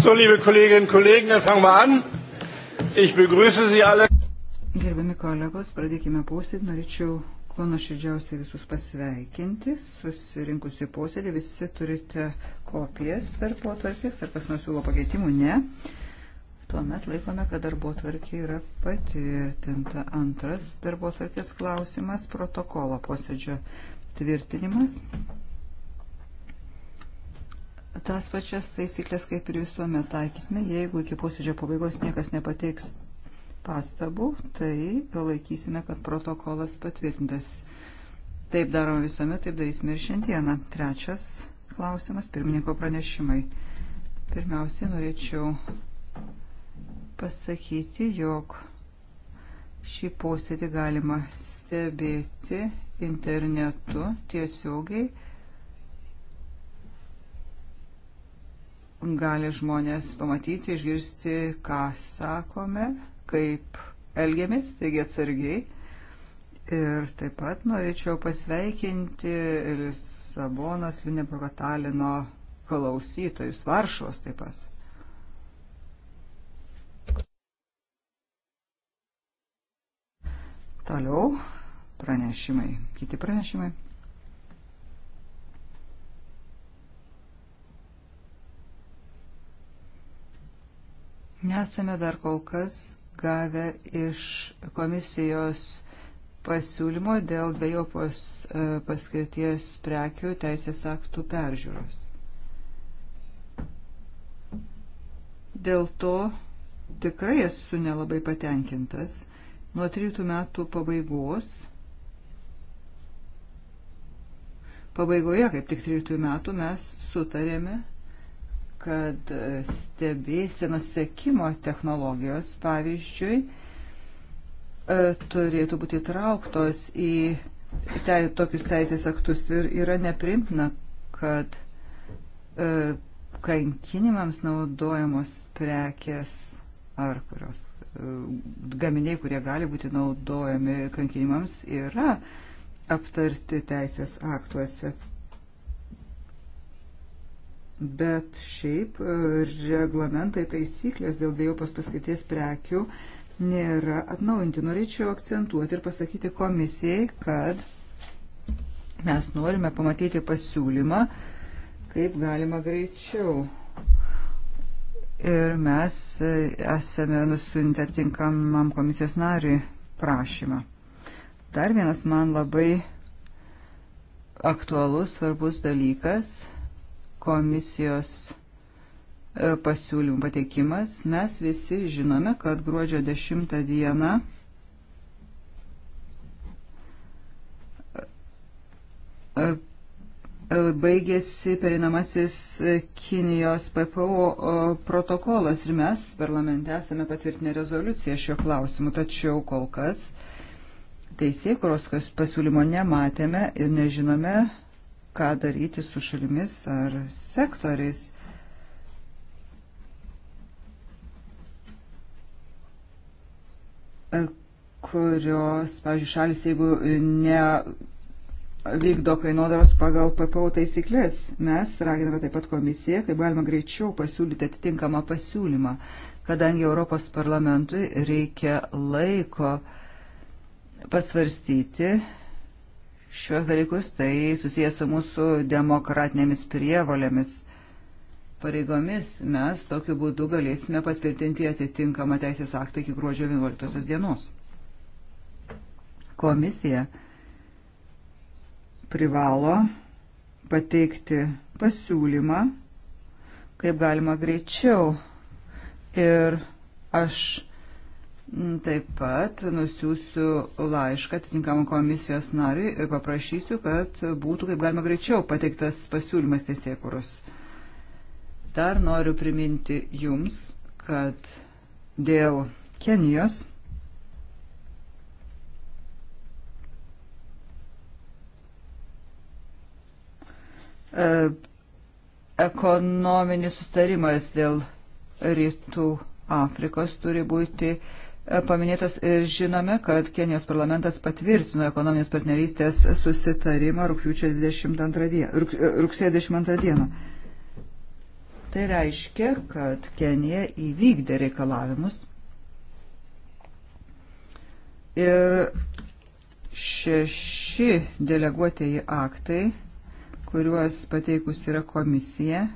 So, liebe Kolleginnen und Kollegen, dann fangen wir an. Ich begrüße Sie alle. Gerbiami kolegos, pradėkime posėdį. Norėčiau kuo nuoširdžiausiai visus pasveikinti. Susirinkusi posėdį visi turite kopijas darbo tvarkės. Ar kas nors siūlo pakeitimų? Ne. Tuomet laikome, kad darbo tvarkė yra patvirtinta. Antras darbo tvarkės klausimas - protokolo posėdžio tvirtinimas tas pačias taisyklės kaip ir visuomet taikysime. Jeigu iki posėdžio pabaigos niekas nepateiks pastabų, tai laikysime, kad protokolas patvirtintas. Taip darome visuomet, taip darysime ir šiandieną. Trečias klausimas - pirmininko pranešimai. Pirmiausiai norėčiau pasakyti, jog šį posėdį galima stebėti internetu tiesiogiai gali žmonės pamatyti, išgirsti, ką sakome, kaip elgiamės, taigi atsargiai. Ir taip pat norėčiau pasveikinti Lisabonas, Liuneburgo Talino klausytojus, Varšuvos taip pat. Toliau pranešimai, kiti pranešimai. Nesame dar kol kas gavę iš komisijos pasiūlymo dėl dviejopos e, paskirties prekių teisės aktų peržiūros. Dėl to tikrai esu nelabai patenkintas. Nuo 3 metų pabaigos, pabaigoje kaip tik 3 metų mes sutarėme kad stebėsenos sekimo technologijos, pavyzdžiui, e, turėtų būti įtrauktos į te, tokius teisės aktus ir yra neprimtina, kad e, kankinimams naudojamos prekės ar kurios e, gaminiai, kurie gali būti naudojami kankinimams, yra aptarti teisės aktuose bet šiaip e, reglamentai taisyklės dėl dviejopos paskaities prekių nėra atnaujinti. Norėčiau akcentuoti ir pasakyti komisijai, kad mes norime pamatyti pasiūlymą, kaip galima greičiau. Ir mes e, esame nusiuntę tinkamam komisijos nariui prašymą. Dar vienas man labai aktualus, svarbus dalykas – komisijos e, pasiūlymų pateikimas. Mes visi žinome, kad gruodžio 10 dieną e, e, baigėsi perinamasis Kinijos PPO protokolas ir mes parlamente esame patvirtinę rezoliuciją šiuo klausimu, tačiau kol kas teisėkuros pasiūlymo nematėme ir nežinome, ką daryti su šalimis ar sektoriais. kurios, pavyzdžiui, šalis, jeigu ne vykdo kainodaros pagal PPO taisyklės, mes raginame taip pat komisiją, kaip galima greičiau pasiūlyti atitinkamą pasiūlymą, kadangi Europos parlamentui reikia laiko pasvarstyti šios dalykus, tai susijęs su mūsų demokratinėmis prievolėmis pareigomis. Mes tokiu būdu galėsime patvirtinti atitinkamą teisės aktą iki gruodžio 11 dienos. Komisija privalo pateikti pasiūlymą, kaip galima greičiau. Ir aš Mm, taip pat nusiųsiu laišką atitinkamą komisijos nariui ir paprašysiu, kad būtų kaip galima greičiau pateiktas pasiūlymas teisėkurus. Dar noriu priminti jums, kad dėl Kenijos e, ekonominis sustarimas dėl rytų Afrikos turi būti paminėtas ir žinome, kad Kenijos parlamentas patvirtino ekonominės partnerystės susitarimą rugsėjo 22 dieną. Rugsėjo 22 dieną. Tai reiškia, kad Kenija įvykdė reikalavimus ir šeši deleguotieji aktai, kuriuos pateikus yra komisija,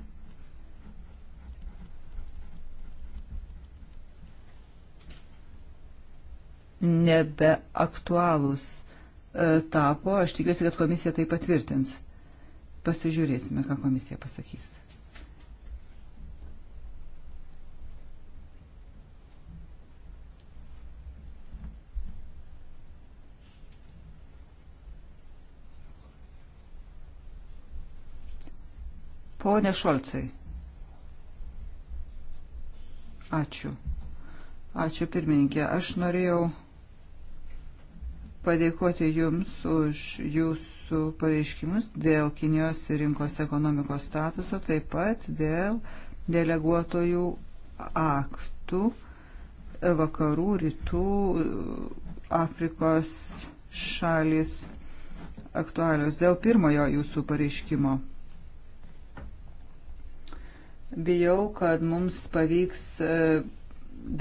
nebeaktualūs e, tapo. Aš tikiuosi, kad komisija tai patvirtins. Pasižiūrėsime, ką komisija pasakys. Pone Šolcai. Ačiū. Ačiū pirmininkė. Aš norėjau padėkoti Jums už Jūsų pareiškimus dėl Kinijos rinkos ekonomikos statuso, taip pat dėl deleguotojų aktų vakarų, rytų, Afrikos šalis aktualios. Dėl pirmojo Jūsų pareiškimo. Bijau, kad mums pavyks e,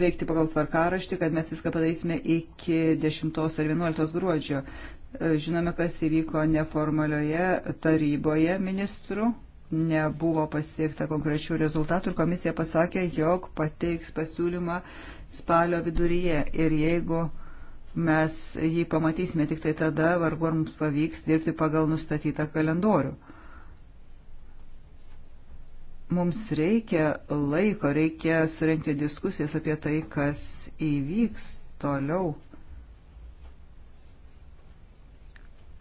veikti pagal tvarkaraštį, kad mes viską padarysime iki 10 ar 11 gruodžio. E, žinome, kas įvyko neformalioje taryboje ministrų, nebuvo pasiekta konkrečių rezultatų ir komisija pasakė, jog pateiks pasiūlymą spalio viduryje. Ir jeigu mes jį pamatysime tik tai tada, vargu ar mums pavyks dirbti pagal nustatytą kalendorių. Mums reikia laiko, reikia surenkti diskusijas apie tai, kas įvyks toliau,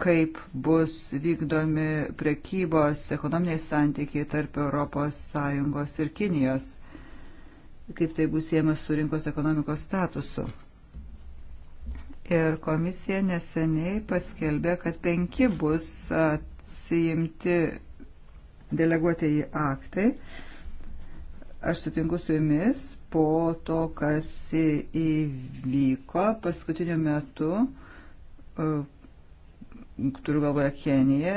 kaip bus vykdomi prekybos ekonominiai santykiai tarp ES ir Kinijos, kaip tai bus siemas su rinkos ekonomikos statusu. Ir komisija neseniai paskelbė, kad penki bus atsijimti deleguotieji aktai. Aš sutinku su jumis po to, kas įvyko paskutiniu metu, e, turiu galvoje Keniją,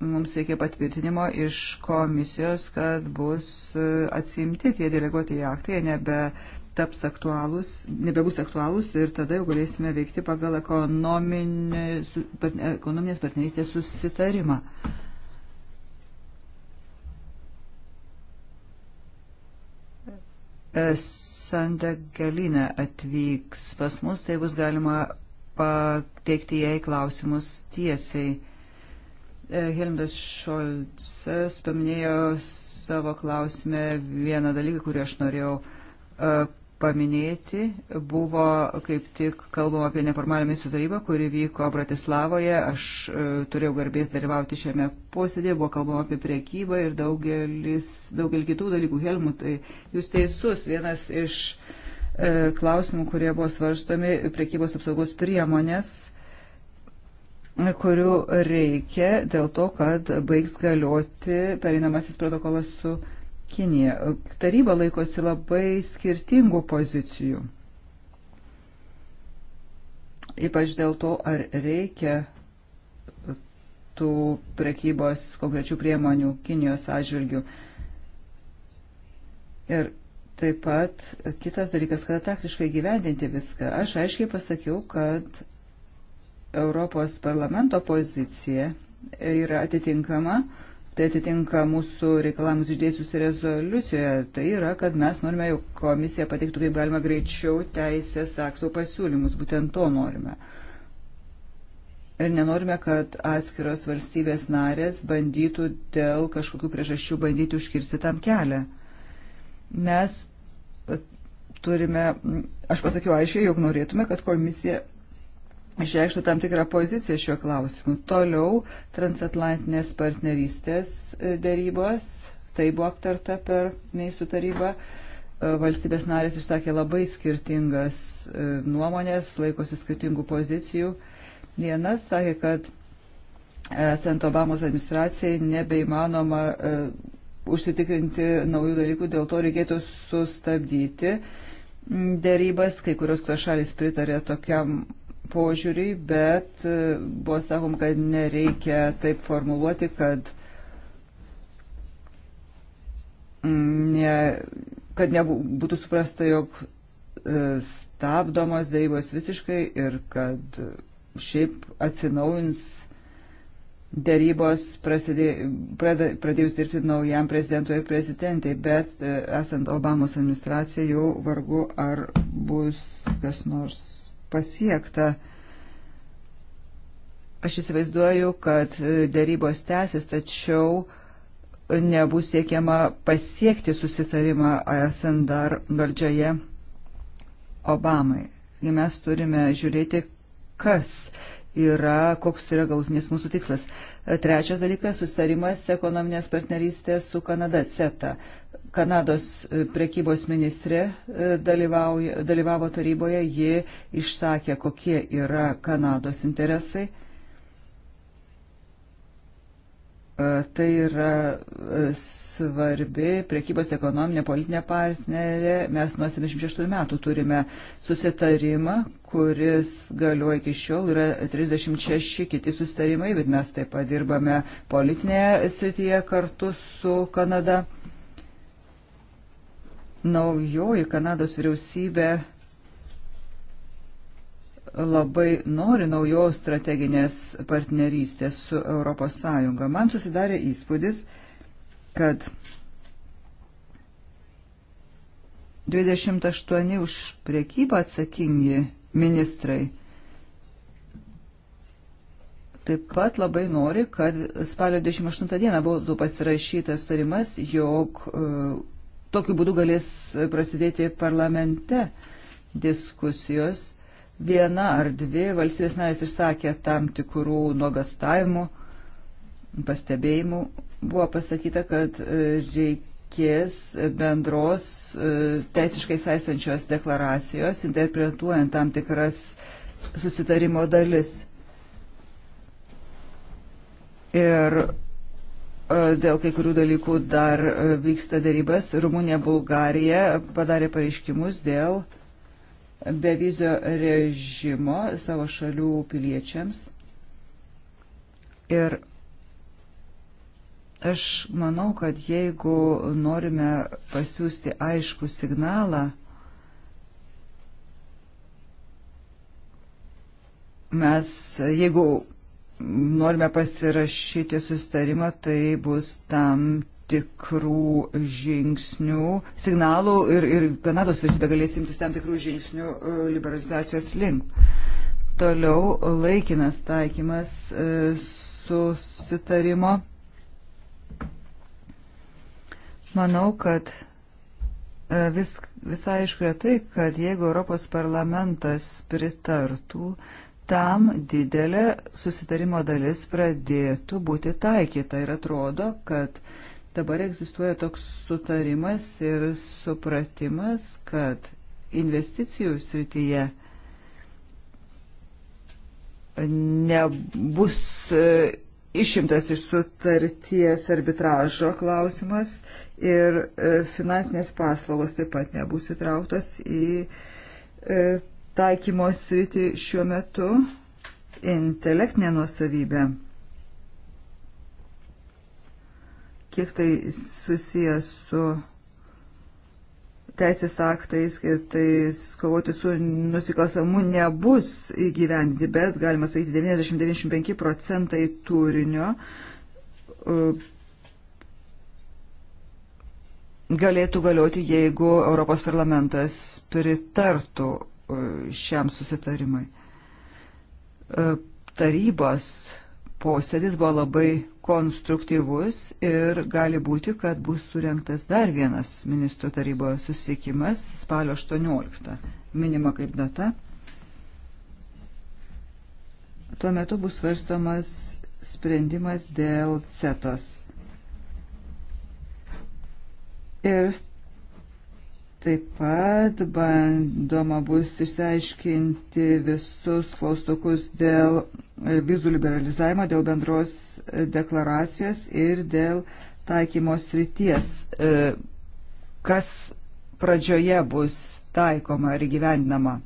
mums reikia patvirtinimo iš komisijos, kad bus e, atsimti tie deleguotieji aktai, nebe taps aktualūs, nebebus aktualūs ir tada jau galėsime veikti pagal ekonominės partnerystės susitarimą. E, Sanda Galina atvyks pas mus, tai bus galima pateikti jai klausimus tiesiai. E, Helmdas Šolcas paminėjo savo klausime vieną dalyką, kurį aš norėjau e, paminėti. Buvo kaip tik kalbama apie neformalią ministrų tarybą, kuri vyko Bratislavoje. Aš e, turėjau garbės dalyvauti šiame posėdėje. Buvo kalbama apie priekybą ir daugelis, daugelį kitų dalykų. Helmutai, jūs teisus. Vienas iš e, klausimų, kurie buvo svarstomi, priekybos apsaugos priemonės kurių reikia dėl to, kad baigs galioti pereinamasis protokolas su Kinija. Taryba laikosi labai skirtingų pozicijų. Ypač dėl to, ar reikia tų prekybos konkrečių priemonių Kinijos atžvilgių. Ir taip pat kitas dalykas, kada taktiškai gyvendinti viską. Aš aiškiai pasakiau, kad Europos parlamento pozicija yra atitinkama uh, tai atitinka mūsų reikalavimus išdėsius rezoliucijoje. Tai yra, kad mes norime, jog komisija pateiktų kaip galima greičiau teisės aktų pasiūlymus. Būtent to norime. Ir nenorime, kad atskiros valstybės narės bandytų dėl kažkokių priežasčių bandyti užkirsti tam kelią. Mes turime, aš pasakiau aiškiai, jog norėtume, kad komisija išreikštų tam tikrą poziciją šiuo klausimu. Toliau transatlantinės partnerystės e, dėrybos, tai buvo aptarta per neįsų tarybą. E, valstybės narės išsakė labai skirtingas e, nuomonės, laikosi skirtingų pozicijų. Vienas sakė, kad esant Obamos administracijai nebeįmanoma užsitikrinti naujų dalykų, dėl to reikėtų sustabdyti dėrybas, kai kurios šalis pritarė tokiam požiūriai, bet e, buvo sakom, kad nereikia taip formuluoti, kad, mm, ne, kad nebūtų suprasta, jog e, stabdomos dėrybos visiškai ir kad e, šiaip atsinaujins dėrybos prasidė, pradė, pradėjus dirbti naujam prezidentui ir prezidentai, bet esant Obamos administracijai jau vargu ar bus kas nors pasiekta. Aš įsivaizduoju, kad e, dėrybos tęsis, tačiau nebus siekiama pasiekti susitarimą esant dar valdžioje Obamai. Mes turime žiūrėti, kas yra, koks yra galutinis mūsų tikslas. E, trečias dalykas - sustarimas ekonominės partnerystės su Kanada, CETA. Kanados e, prekybos ministrė e, dalyvavo taryboje, ji išsakė, kokie yra Kanados interesai. E, tai yra svarbi prekybos ekonominė politinė partnerė. Mes nuo 76 metų turime susitarimą, kuris galioja iki šiol, yra 36 kiti susitarimai, bet mes taip pat dirbame politinėje srityje kartu su Kanada Naujoji Kanados vyriausybė labai nori naujos strateginės partnerystės su ES. Man susidarė įspūdis, kad 28 už priekybą atsakingi ministrai taip pat labai nori, kad spalio 28 dieną būtų pasirašytas tarimas, jog tokiu būdu galės prasidėti parlamente diskusijos. Viena ar dvi valstybės narės išsakė tam tikrų nuogastavimų, pastebėjimų. Buvo pasakyta, kad e, reikės bendros e, teisiškai saisančios deklaracijos, interpretuojant tam tikras susitarimo dalis. Ir E, dėl kai kurių dalykų dar e, vyksta darybas. Rumunija, Bulgarija padarė pareiškimus dėl bevizio režimo savo šalių piliečiams. Ir aš manau, kad jeigu norime pasiūsti aišku signalą, mes, jeigu norime pasirašyti sustarimą, tai bus tam tikrų žingsnių, signalų ir, ir Kanados vyriausybė galės imtis tam tikrų žingsnių e, liberalizacijos link. Toliau laikinas taikymas e, susitarimo. Manau, kad e, vis, visai aišku yra tai, kad jeigu Europos parlamentas pritartų, uh, tam didelė susitarimo dalis pradėtų būti taikyta ir atrodo, kad dabar egzistuoja toks sutarimas ir supratimas, kad investicijų srityje nebus e, išimtas iš sutarties arbitražo klausimas ir e, finansinės paslaugos taip pat nebus įtrauktas į e, taikymo sritį šiuo metu intelektinė nuosavybė. Kiek tai susijęs su teisės aktais ir tai kovoti su nusikalstamu nebus įgyvendi, bet galima sakyti 90-95 procentai turinio e, galėtų galioti, jeigu Europos parlamentas pritartų E, šiam susitarimui. E, tarybos posėdis buvo labai konstruktyvus ir gali būti, kad bus surinktas dar vienas ministrų tarybos susitikimas spalio 18, minima kaip data. Tuo metu bus svarstomas sprendimas dėl CETOS. Ir Taip pat bandoma bus išsiaiškinti visus klaustukus dėl vizų liberalizavimo, dėl bendros deklaracijos ir dėl taikymos ryties, e, kas pradžioje bus taikoma ir gyvendinama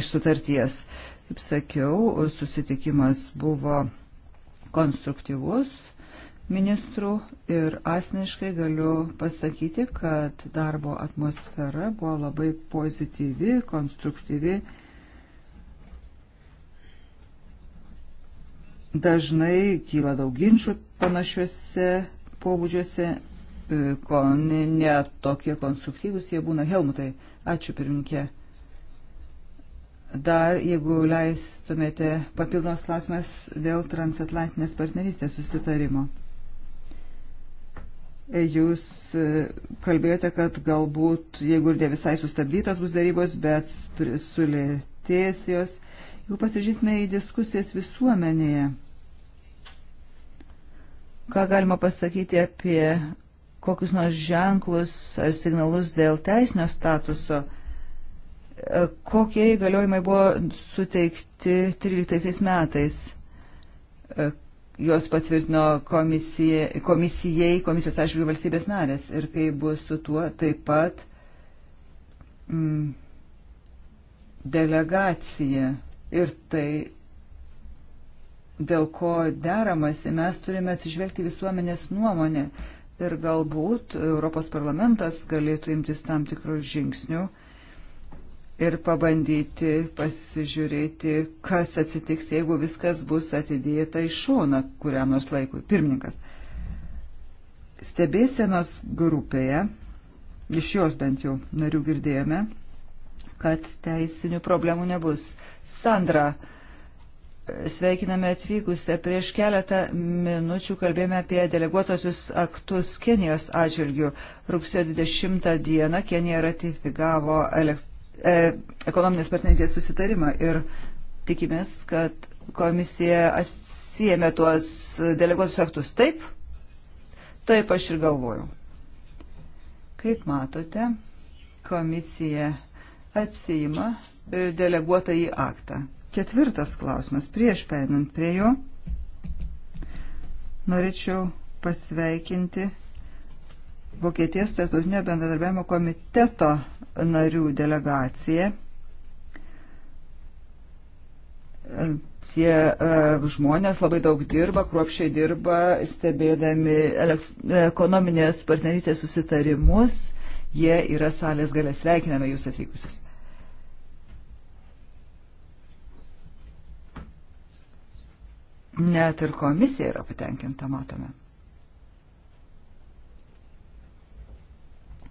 iš sutarties. Kaip sakiau, susitikimas buvo konstruktyvus ministrų ir asmeniškai galiu pasakyti, kad darbo atmosfera buvo labai pozityvi, konstruktyvi. Dažnai kyla daug ginčių panašiuose pobūdžiuose, e, ko ne, ne tokie konstruktyvūs jie būna. Helmutai, ačiū pirminkė. Dar, jeigu leistumėte, papildomos klausimas dėl transatlantinės partnerystės susitarimo. Jūs e, kalbėjote, kad galbūt, jeigu ir ne visai sustabdytos bus darybos, bet sulėtės jos. Jeigu pasižiūrėsime į diskusijas visuomenėje, ką galima pasakyti apie kokius nors ženklus ar signalus dėl teisinio statuso, e, kokie įgaliojimai buvo suteikti 13 metais, e, juos patvirtino komisijai, komisijai komisijos atžvilgių valstybės narės. Ir kai bus su tuo taip pat mm, delegacija ir tai, dėl ko deramasi, mes turime atsižvelgti visuomenės nuomonę. Ir galbūt Europos parlamentas galėtų imtis tam tikrų žingsnių ir pabandyti pasižiūrėti, kas atsitiks, jeigu viskas bus atidėta į šoną kuriam nors laikui. Pirmininkas. Stebėsenos grupėje, iš jos bent jau narių girdėjome, kad teisinių problemų nebus. Sandra, sveikiname atvykusią. Prieš keletą minučių kalbėjome apie deleguotosius aktus Kenijos atžvilgių. Rugsėjo 20 dieną Kenija ratifikavo elektroninį E, ekonominės partnerystės susitarimą ir tikimės, kad komisija atsijėmė tuos deleguotus aktus. Taip? Taip aš ir galvoju. Kaip matote, komisija atsijima e, deleguotą į aktą. Ketvirtas klausimas, prieš perinant prie jo, norėčiau pasveikinti Vokietijos tarptautinio bendradarbiavimo komiteto narių delegacija. Tie uh, žmonės labai daug dirba, kruopšiai dirba, stebėdami ekonominės partnerystės susitarimus. Jie yra salės galę. Sveikiname jūs atvykusius. Net ir komisija yra patenkinta, matome.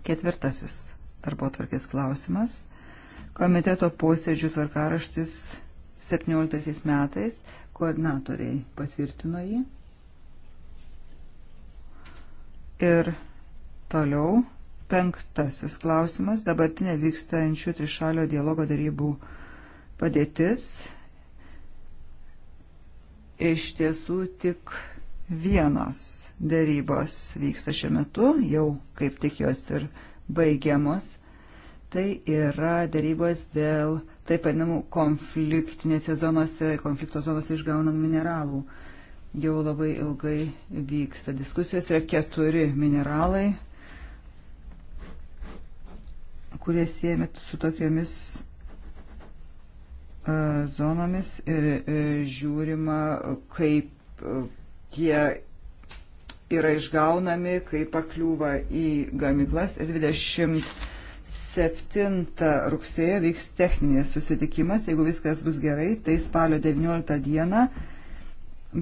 Ketvirtasis darbo tvarkės klausimas. Komiteto posėdžių tvarkaraštis 17 metais. Koordinatoriai patvirtino jį. Ir toliau penktasis klausimas. Dabartinė vykstančių trišalio dialogo darybų padėtis. Iš tiesų tik vienos dėrybos vyksta šiuo metu, jau kaip tik jos ir baigiamos. Tai yra dėrybos dėl taip vadinamų konfliktinėse zonose, konflikto zonose išgaunamų mineralų. Jau labai ilgai vyksta diskusijos, yra keturi mineralai, kurie siejami su tokiamis e, zonomis ir e, žiūrima, kaip tie e, yra išgaunami, kai pakliūva į gamyklas. 27 rugsėjo vyks techninis susitikimas. Jeigu viskas bus gerai, tai spalio 19 dieną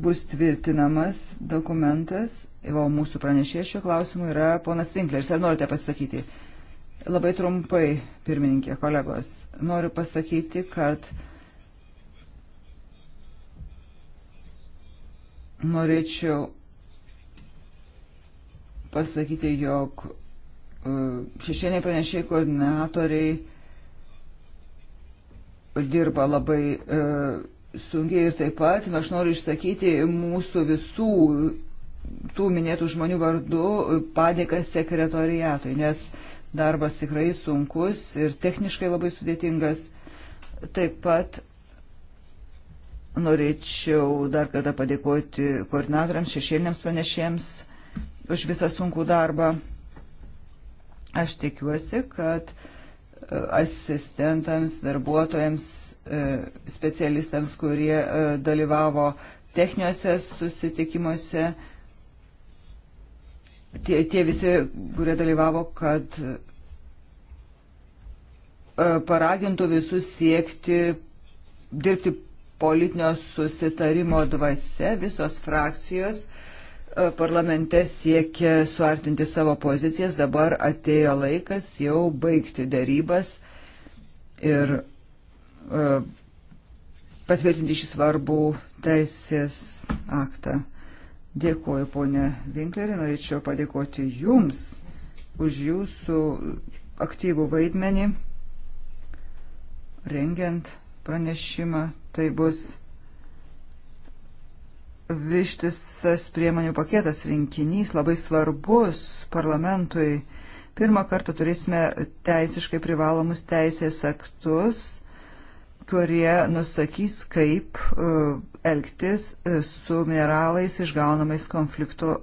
bus tvirtinamas dokumentas. O mūsų pranešė šiuo klausimu yra ponas Vinkleris. Ar norite pasakyti? Labai trumpai, pirmininkė, kolegos, noriu pasakyti, kad norėčiau pasakyti, jog e, šešieniai pranešiai koordinatoriai dirba labai e, sunkiai ir taip pat aš noriu išsakyti mūsų visų tų minėtų žmonių vardu padėką sekretoriatui, nes darbas tikrai sunkus ir techniškai labai sudėtingas. Taip pat norėčiau dar kada padėkoti koordinatoriams, šešėliniams pranešėjams už visą sunkų darbą. Aš tikiuosi, kad e, asistentams, darbuotojams, e, specialistams, kurie e, dalyvavo techniniuose susitikimuose, tie, tie visi, kurie dalyvavo, kad paragintų visus siekti dirbti politinio susitarimo dvasia visos frakcijos E, parlamente siekia suartinti savo pozicijas, dabar atėjo laikas jau baigti darybas ir e, patvirtinti šį svarbų teisės aktą. Dėkuoju, ponė Vinklerį, norėčiau padėkoti Jums už Jūsų aktyvų vaidmenį rengiant pranešimą. Tai bus Vištisas priemonių paketas rinkinys labai svarbus parlamentui. Pirmą kartą turėsime teisiškai privalomus teisės aktus, kurie nusakys, kaip e, elgtis e, su mineralais išgaunamais konflikto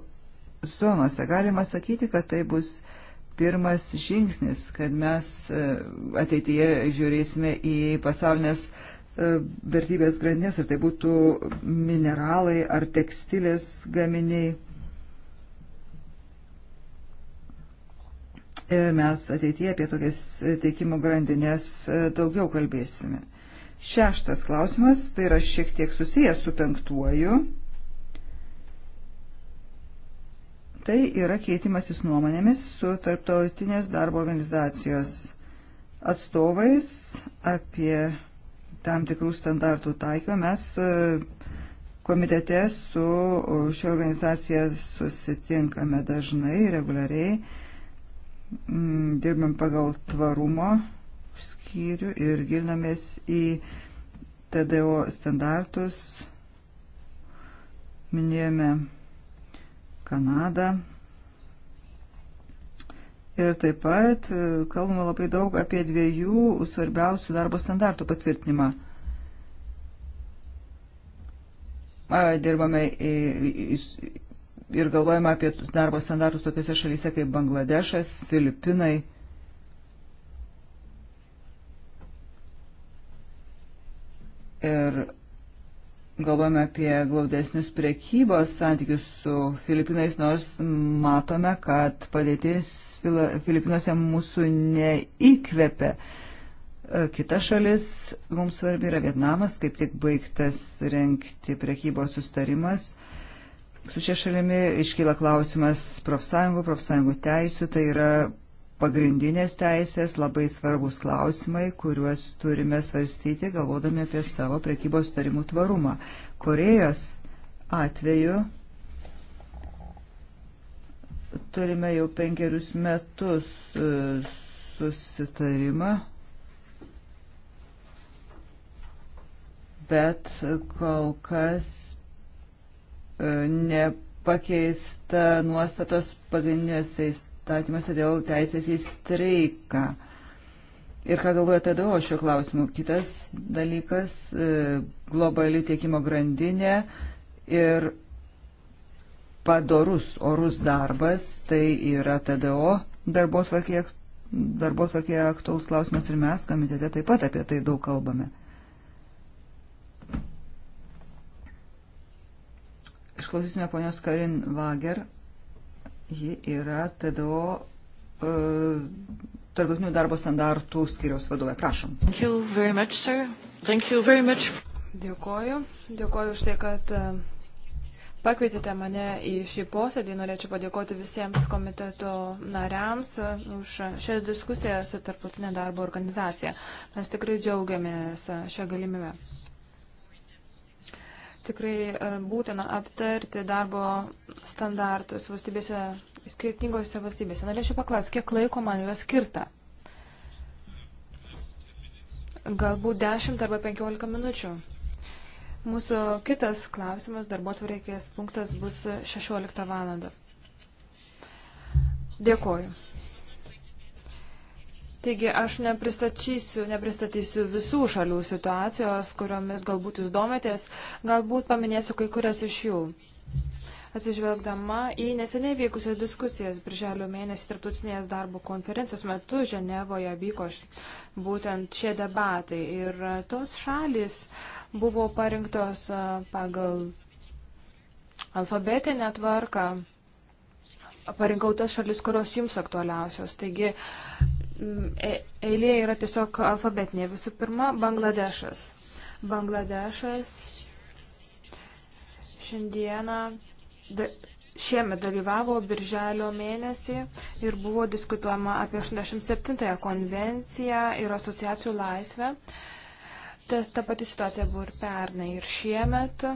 zonose. Galima sakyti, kad tai bus pirmas žingsnis, kad mes e, ateityje žiūrėsime į pasaulinės E, vertybės grandinės, ar tai būtų mineralai ar tekstilės gaminiai. Ir mes ateityje apie tokias teikimo grandinės e, daugiau kalbėsime. Šeštas klausimas, tai yra šiek tiek susijęs su penktuoju. Tai yra keitimasis nuomonėmis su tarptautinės darbo organizacijos atstovais apie tam tikrų standartų taikymą. Mes e, komitete su šia organizacija susitinkame dažnai, reguliariai, mm, dirbam pagal tvarumo skyrių ir gilinamės į TDO standartus. Minėjome Kanadą. Ir taip pat e, kalbama labai daug apie dviejų svarbiausių darbo standartų patvirtinimą. Dirbame ir galvojame apie darbo standartus tokiuose šalyse kaip Bangladešas, Filipinai. Ir galvojame apie glaudesnius priekybos santykius su Filipinais, nors matome, kad padėtis Filipinuose mūsų neįkvepia. Kita šalis mums svarbi yra Vietnamas, kaip tik baigtas renkti priekybos sustarimas. Su šia šalimi iškyla klausimas profsąjungų, profsąjungų teisų, tai yra pagrindinės teisės, labai svarbus klausimai, kuriuos turime svarstyti, galvodami apie savo prekybos tarimų tvarumą. Korejos atveju turime jau penkerius metus e, susitarimą, bet kol kas e, nepakeista nuostatos pagrindinės teisės įstatymuose dėl teisės į streiką. Ir ką galvoja TDO šiuo klausimu? Kitas dalykas e, - globali tiekimo grandinė ir padorus, orus darbas - tai yra TDO darbo tvarkėje aktuolus klausimas ir mes komitete taip pat apie tai daug kalbame. Išklausysime ponios Karin Vager Ji yra TDO e, tarptautinių darbo standartų skiriaus vadovė. Prašom. Much, dėkoju. Dėkoju už tai, kad e, pakvietėte mane į šį posėdį. Norėčiau padėkoti visiems komiteto nariams e, už šias diskusijas su tarptautinė darbo organizacija. Mes tikrai džiaugiamės šią galimybę tikrai e, būtina aptarti darbo standartus valstybėse, skirtingose valstybėse. Norėčiau paklausti, kiek laiko man yra skirta? Galbūt 10 arba 15 minučių. Mūsų kitas klausimas, darbo tvarkės punktas bus 16 valandą. Dėkoju. Taigi aš nepristatysiu, nepristatysiu visų šalių situacijos, kuriomis galbūt jūs domitės, galbūt paminėsiu kai kurias iš jų. Atsižvelgdama į neseniai vykusias diskusijas, birželio mėnesį tarptautinės darbo konferencijos metu Ženevoje vyko būtent šie debatai ir e, tos šalis buvo parinktos e, pagal alfabetinę tvarką parinkau tas šalis, kurios jums aktualiausios. Taigi E, eilė yra tiesiog alfabetinė. Visų pirma, Bangladešas. Bangladešas šiandieną, da, šiemet dalyvavo birželio mėnesį ir buvo diskutuojama apie 87-ąją konvenciją ir asociacijų laisvę. Ta, ta pati situacija buvo ir pernai ir šiemet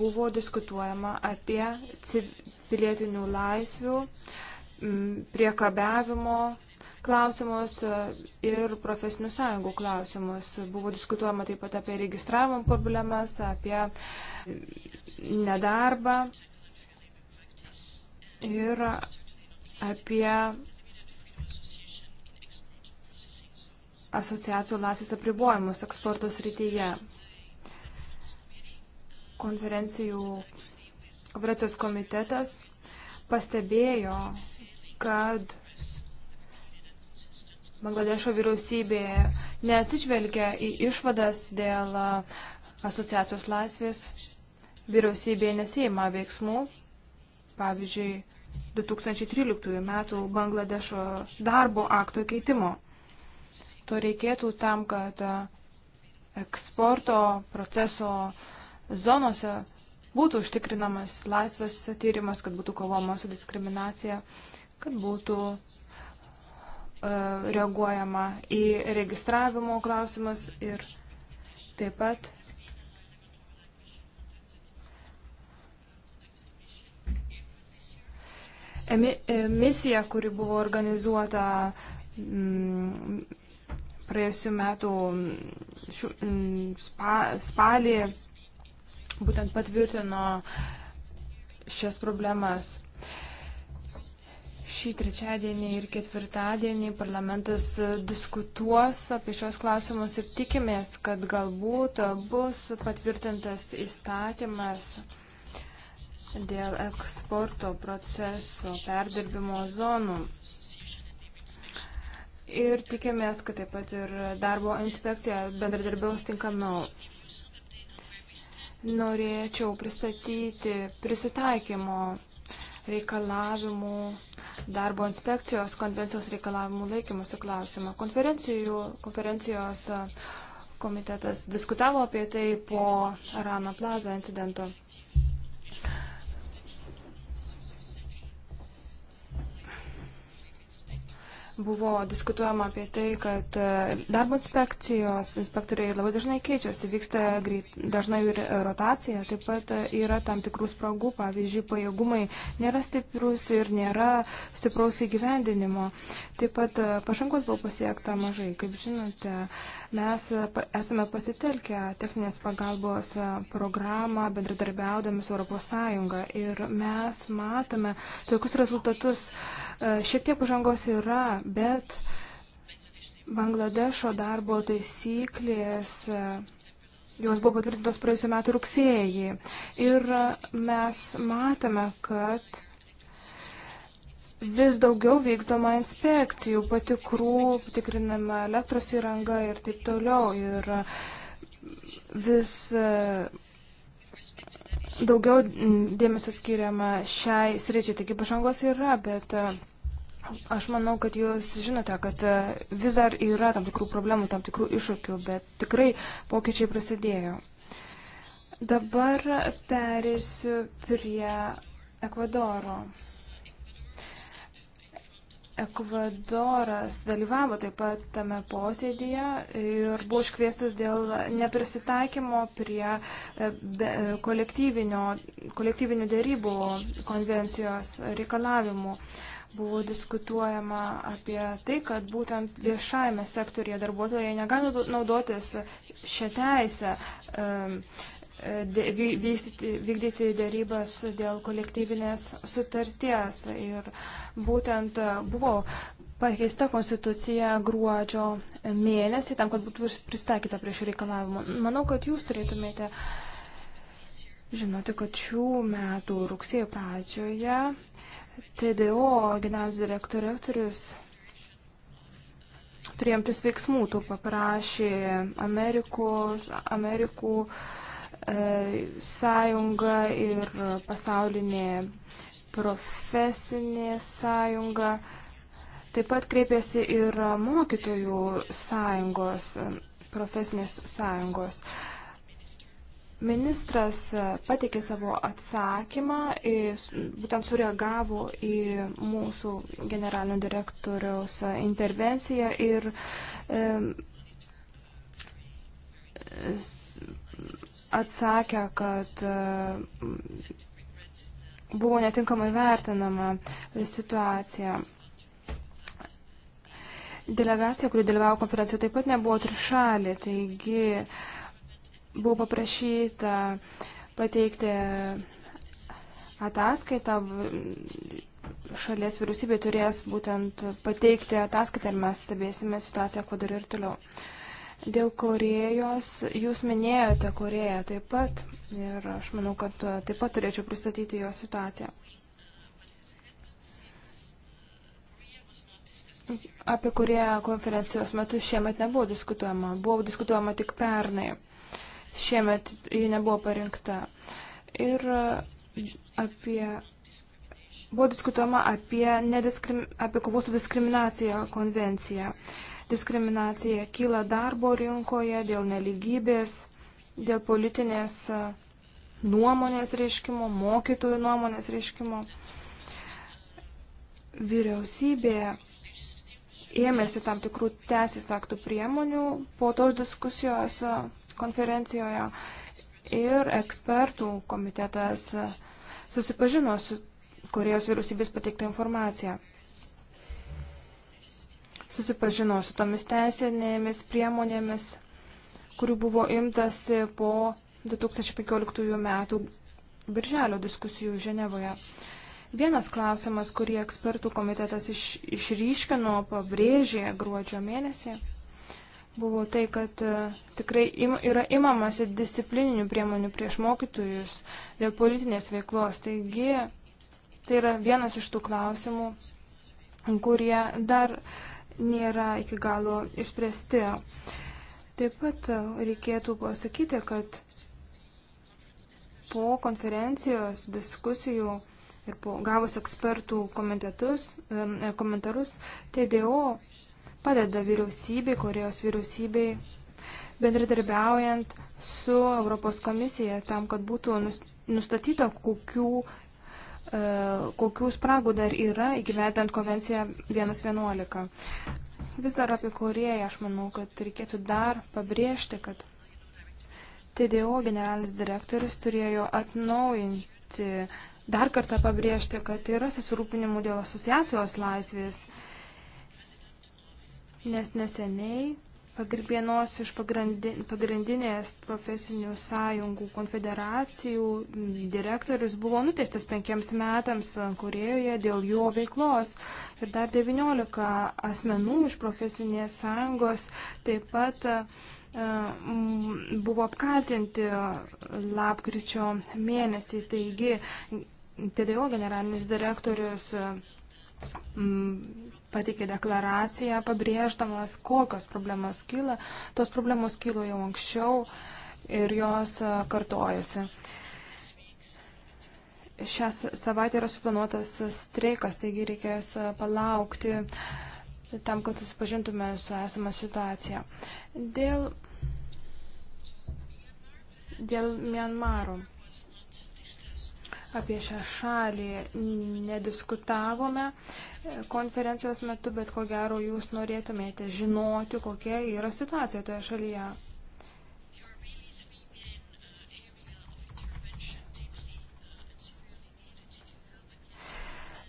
buvo diskutuojama apie pilietinių laisvių priekabiavimo klausimus e, ir profesinių sąjungų klausimus. Buvo diskutuojama taip pat apie registravimo problemas, apie nedarbą ir apie asociacijų laisvės apribojimus eksporto srityje. Konferencijų, konferencijos komitetas pastebėjo, kad Bangladešo vyriausybė neatsižvelgia į išvadas dėl asociacijos laisvės. Vyriausybė nesieima veiksmų. Pavyzdžiui, 2013 m. Bangladešo darbo akto keitimo. To reikėtų tam, kad eksporto proceso zonose būtų užtikrinamas laisvas tyrimas, kad būtų kovoma su diskriminacija, kad būtų E, reaguojama į registravimo klausimus ir taip pat e, misija, kuri buvo organizuota praėjusiu metu spa, spalį, būtent patvirtino šias problemas. Šį trečiadienį ir ketvirtadienį parlamentas e, diskutuos apie šios klausimus ir tikimės, kad galbūt bus patvirtintas įstatymas dėl eksporto proceso perdirbimo zonų. Ir tikimės, kad taip pat ir darbo inspekcija bendradarbiaus tinkamiau. Norėčiau pristatyti prisitaikymo reikalavimų, darbo inspekcijos konvencijos reikalavimų laikymusi klausimą. Konferencijų, konferencijos komitetas diskutavo apie tai po Rana Plaza incidento. buvo diskutuojama apie tai, kad e, darbo inspekcijos inspektoriai labai dažnai keičiasi, vyksta greit, dažnai ir rotacija, taip pat e, yra tam tikrų spragų, pavyzdžiui, pajėgumai nėra stiprus ir nėra stipraus įgyvendinimo. Taip pat e, pažangos buvo pasiekta mažai, kaip žinote, mes esame pasitelkę techninės pagalbos programą bendradarbiaudami su ES ir mes matome tokius rezultatus. Šiek tiek pažangos yra, bet Bangladešo darbo taisyklės, e, jos buvo patvirtintos praėjusiu metu rugsėjį. Ir mes matome, kad vis daugiau vykdoma inspekcijų, patikrų, tikrinama elektros įranga ir taip toliau. Ir vis e, daugiau dėmesio skiriama šiai sričiai, taigi pažangos yra, bet e, Aš manau, kad jūs žinote, kad e, vis dar yra tam tikrų problemų, tam tikrų iššūkių, bet tikrai pokyčiai prasidėjo. Dabar perėsiu prie Ekvadoro. Ekvadoras dalyvavo taip pat tame posėdėje ir buvo iškviestas dėl neprisitaikymo prie e, kolektyvinių dėrybų konvencijos reikalavimų buvo diskutuojama apie tai, kad būtent viešajame sektorija darbuotojai negali naudotis šią teisę vykdyti dėrybas dėl kolektyvinės sutarties. Ir būtent buvo pakeista konstitucija gruodžio mėnesį tam, kad būtų pristaikyta prie šių reikalavimų. Manau, kad jūs turėtumėte žinoti, kad šių metų rugsėjo pradžioje TDO generalinis direktorius turėjo imtis veiksmų, tu paprašė Amerikos, Amerikų e, sąjunga ir pasaulinė profesinė sąjunga. Taip pat kreipėsi ir mokytojų sąjungos, profesinės sąjungos. E, Ministras e, pateikė savo atsakymą, būtent sureagavo į mūsų generalinio direktoriaus intervenciją ir e, atsakė, kad e, buvo netinkamai vertinama situacija. Delegacija, kuri dalyvavo konferencijoje, taip pat nebuvo trišalė, taigi uh, buvo paprašyta pateikti ataskaitą, šalies vyriausybė turės būtent pateikti ataskaitą ir mes stebėsime situaciją, kuo dar ir toliau. Dėl Korejos, jūs minėjote Koreją taip pat ir aš manau, kad taip pat turėčiau pristatyti jo situaciją. Apie Koreją konferencijos metu šiemet nebuvo diskutuojama, buvo diskutuojama tik pernai. Šiemet ji nebuvo parinkta. Ir e, apie, buvo diskutuojama apie, nediskrim, apie kovos su diskriminacija konvenciją. Diskriminacija kyla darbo rinkoje dėl neligybės, dėl politinės e, nuomonės reiškimo, mokytojų nuomonės reiškimo. Vyriausybė ėmėsi tam tikrų teisės aktų priemonių po tos diskusijos konferencijoje ir ekspertų komitetas susipažino su Korejos vyriausybės pateikta informacija. Susipažino su tomis teisinėmis priemonėmis, kurių buvo imtasi po 2015 metų birželio diskusijų Ženevoje. Vienas klausimas, kurį ekspertų komitetas iš, išryškino, pabrėžė gruodžio mėnesį, buvo tai, kad e, tikrai im, yra imamasi disciplininių priemonių prieš mokytojus dėl politinės veiklos. Taigi, tai yra vienas iš tų klausimų, kurie dar nėra iki galo išspręsti. Taip pat e, reikėtų pasakyti, kad po konferencijos diskusijų ir po gavus ekspertų e, komentarus, TDO padeda vyriausybei, Korejos vyriausybei, bendradarbiaujant su Europos komisija tam, kad būtų nustatyta, kokių, e, kokių spragų dar yra įgyvedant konvenciją 1.11. Vis dar apie Koreją aš manau, kad reikėtų dar pabrėžti, kad TDO generalinis direktorius turėjo atnaujinti, dar kartą pabrėžti, kad yra susirūpinimų dėl asociacijos laisvės. E, nes neseniai vienos iš pagrindinės profesinių sąjungų konfederacijų direktorius buvo nuteistas penkiems metams Korejoje dėl jo veiklos. Ir dar 19 asmenų iš profesinės sąjungos taip pat buvo apkaltinti lapkričio mėnesį. Taigi, TDO generalinis direktorius pateikė deklaraciją, pabrėždamas, kokios problemos kyla. Tos problemos kilo jau anksčiau ir jos e, kartojasi. Šią savaitę yra suplanuotas streikas, taigi reikės e, palaukti tam, kad susipažintume su esama situacija. Dėl, dėl Mianmaro apie šią šalį nediskutavome e, konferencijos metu, bet ko gero jūs norėtumėte žinoti, kokia yra situacija toje šalyje.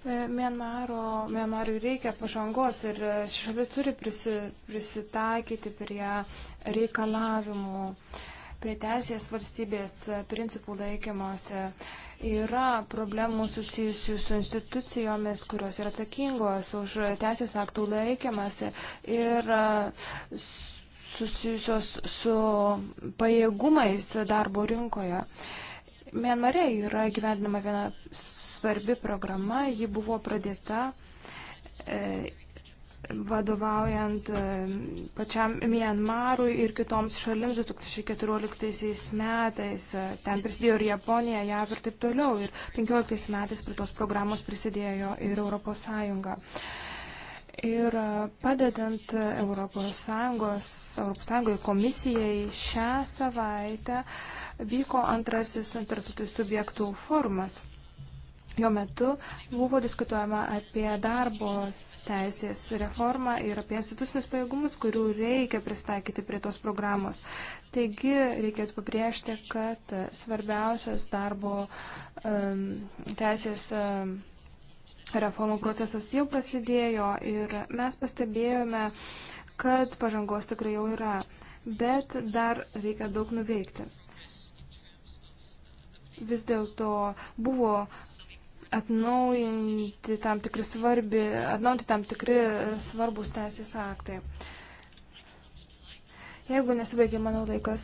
E, Mienmaro, Mienmarui reikia pažangos ir šalis turi prisi, prisitaikyti prie reikalavimų, prie teisės valstybės principų laikymosi. Yra problemų susijusių su institucijomis, kurios yra atsakingos už teisės aktų laikymasi ir susijusios su pajėgumais darbo rinkoje. Mienmare yra gyvendinama viena svarbi programa, ji buvo pradėta e, vadovaujant e, pačiam Mienmarui ir kitoms šalims 2014 metais. E, ten prisidėjo ir Japonija, JAV ir taip toliau. Ir 2015 metais prie tos programos prisidėjo ir Europos Sąjunga. Ir e, padedant Europos Sąjungos, Europos Sąjungoje komisijai šią savaitę vyko antrasis suinteresuotų subjektų formas. Jo metu buvo diskutuojama apie darbo teisės reformą ir apie institucinius pajėgumus, kurių reikia pristaikyti prie tos programos. Taigi reikėtų pabrėžti, kad svarbiausias darbo teisės reformų procesas jau prasidėjo ir mes pastebėjome, kad pažangos tikrai jau yra, bet dar reikia daug nuveikti vis dėlto buvo atnaujinti tam tikri svarbi, atnaujinti tam tikri svarbus teisės aktai. Jeigu nesibaigia mano laikas,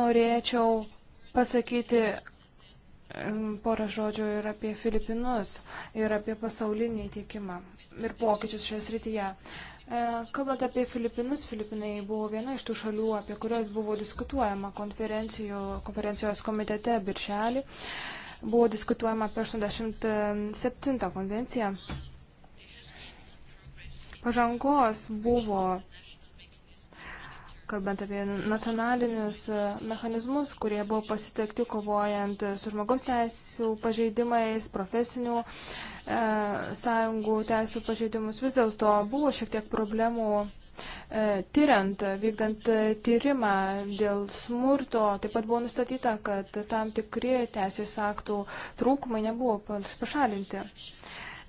norėčiau pasakyti porą žodžių ir apie Filipinus, ir apie pasaulinį įtikimą ir pokyčius šioje srityje. E, kalbant apie Filipinus, Filipinai buvo viena iš tų šalių, apie kurias buvo diskutuojama konferencijos komitete Biršelį. Buvo diskutuojama apie 87 konvenciją. Pažangos buvo, kalbant apie nacionalinius mechanizmus, kurie buvo pasitekti kovojant su žmogaus teisų pažeidimais, profesinių e, sąjungų teisų pažeidimus. Vis dėlto buvo šiek tiek problemų E, Tyriant, vykdant tyrimą dėl smurto, taip pat buvo nustatyta, kad tam tikri teisės aktų trūkumai nebuvo pašalinti.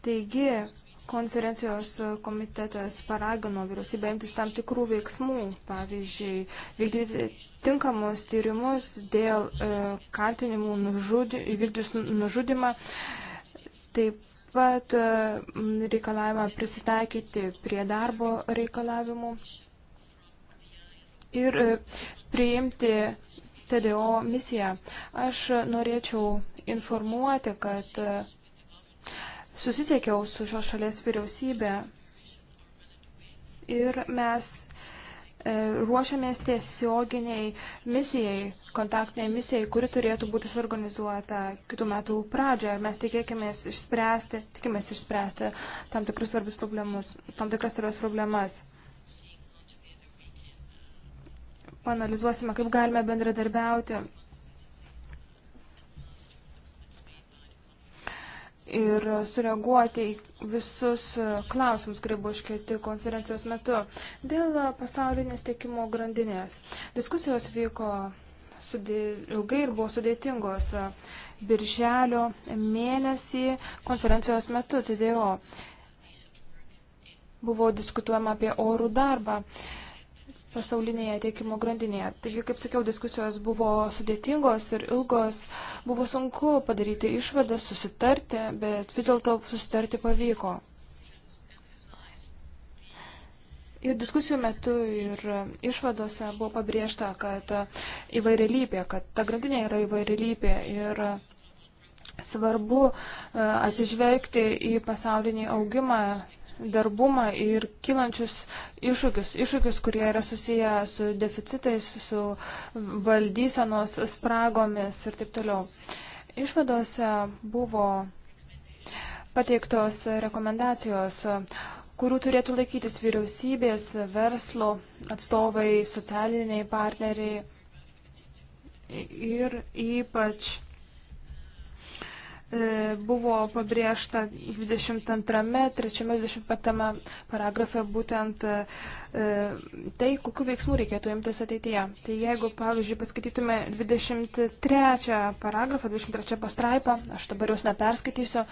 Taigi, konferencijos komitetas paragino vyriausybę imtis tam tikrų veiksmų, pavyzdžiui, vykdyti tinkamus tyrimus dėl e, kaltinimų nužudi, įvykdžius nužudimą, taip pat e, reikalavimą prisitaikyti prie darbo reikalavimų ir e, priimti TDO misiją. Aš norėčiau informuoti, kad e, susisiekiau su šios šalies vyriausybė ir mes ruošiamės tiesioginiai misijai kontaktinė misija, kuri turėtų būti suorganizuota kitų metų pradžioje. Mes tikėkimės išspręsti, tikimės išspręsti tam tikrus svarbius problemus, tam tikras svarbias problemas. Panalizuosime, kaip galime bendradarbiauti. Ir sureaguoti į visus klausimus, kurie buvo iškelti konferencijos metu. Dėl pasaulinės tiekimo grandinės. Diskusijos vyko sudė, ilgai ir buvo sudėtingos. E, birželio mėnesį konferencijos metu TDO tai buvo diskutuojama apie orų darbą pasaulinėje tiekimo grandinėje. Taigi, kaip sakiau, diskusijos buvo sudėtingos ir ilgos, buvo sunku padaryti išvadas, susitarti, bet vis dėlto susitarti pavyko. Ir diskusijų metu ir išvadose buvo pabrėžta, kad įvairialypė, kad ta grandinė yra įvairialypė ir svarbu e, atsižvelgti į pasaulinį augimą darbumą ir kilančius iššūkius, iššūkius, kurie yra susiję su deficitais, su valdysenos spragomis ir taip toliau. Išvadose buvo pateiktos rekomendacijos, kurių turėtų laikytis vyriausybės, verslo atstovai, socialiniai partneriai ir ypač e, buvo pabrėžta 22-3-25 paragrafe būtent e, tai, kokiu veiksmu reikėtų imtis ateityje. Tai jeigu, pavyzdžiui, paskaitytume 23 paragrafą, 23 pastraipą, aš dabar jos neperskaitysiu,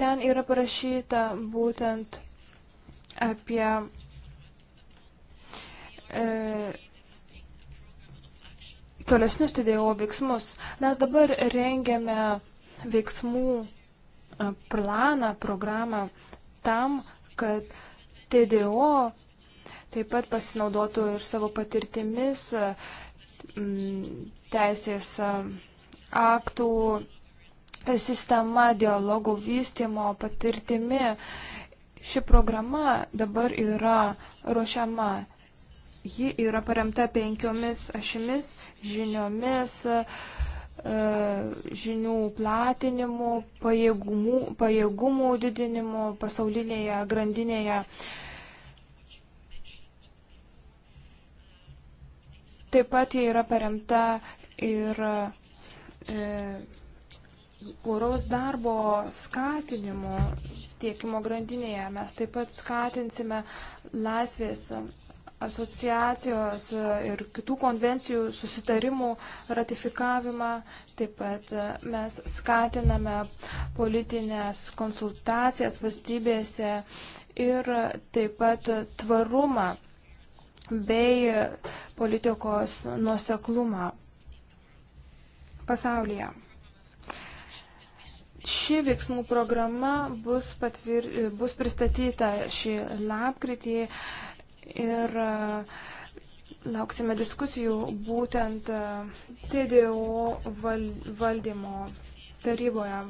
ten yra parašyta būtent apie e, tolesnius TDO veiksmus. Mes dabar rengiame veiksmų e, planą, programą tam, kad TDO taip pat pasinaudotų ir savo patirtimis e, teisės e, aktų sistema, dialogų vystimo patirtimi Ši programa dabar yra ruošiama. Ji yra paremta penkiomis ašimis žiniomis, e, žinių platinimu, pajėgumų, pajėgumų didinimu pasaulinėje grandinėje. Taip pat jie yra paremta ir e, oraus darbo skatinimu tiekimo grandinėje. Mes taip pat skatinsime laisvės asociacijos ir kitų konvencijų susitarimų ratifikavimą. Taip pat mes skatiname politinės konsultacijas valstybėse ir taip pat tvarumą bei politikos nuoseklumą pasaulyje. Ši veiksmų programa bus, patvir, bus pristatyta šį lapkritį ir e, lauksime diskusijų būtent e, TDO val, valdymo taryboje.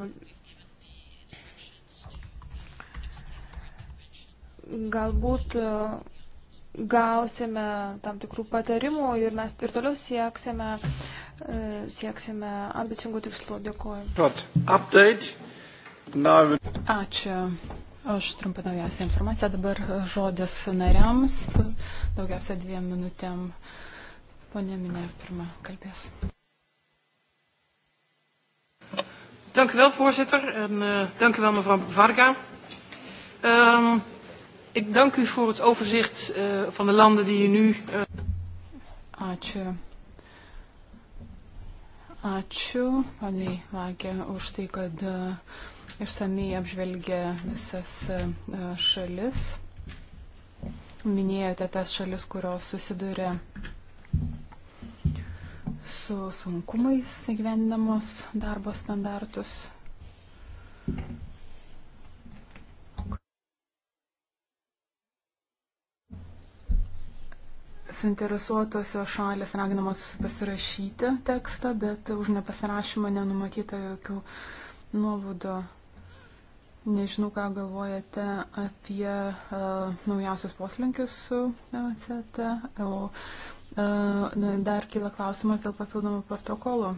Galbūt e, gausime tam tikrų patarimų ir mes ir toliau sieksime, e, sieksime ambicingų tikslų. Dėkuoju. Ačiū. Aš trumpą naujausią informaciją. Dabar žodis nariams. Daugiausia dviem minutėm. Pone Minė pirmą kalbės. Dank u wel, voorzitter. En uh, dank u wel, mevrouw Varga. Um, Ik dank u voor het overzicht uh, van de landen die u nu. Uh... Ačiū. Ačiū, paniai Vakė, už tai, kad uh, eh, išsamei apžvelgė visas uh, šalis. Minėjote tas šalis, kurios susiduria su sunkumais įgyvendinamos darbo standartus. Thank you. suinteresuotosios šalės raginamos pasirašyti tekstą, bet už nepasirašymą nenumatyta jokių nuobaudų. Nežinau, ką galvojate apie uh, naujausius poslinkius su e, CT. O, uh, dar kyla klausimas dėl papildomų protokolų.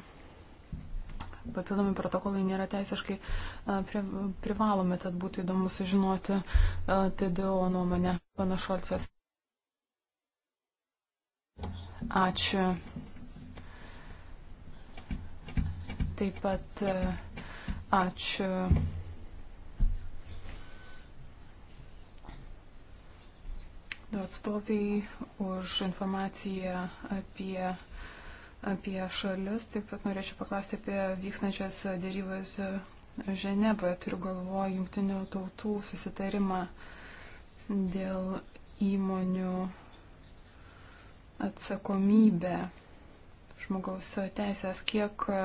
Papildomi protokolai nėra teisiškai uh, pri, privalomi, tad būtų įdomu sužinoti uh, TDO nuomonę panašolcijos. Ačiū. Taip pat e, ačiū. du atstoviai už informaciją apie, apie šalis. Taip pat norėčiau paklausti apie vykstančias dėrybas Ženevoje. Turiu galvoje jungtinių tautų susitarimą dėl įmonių atsakomybę žmogaus teisės, kiek e,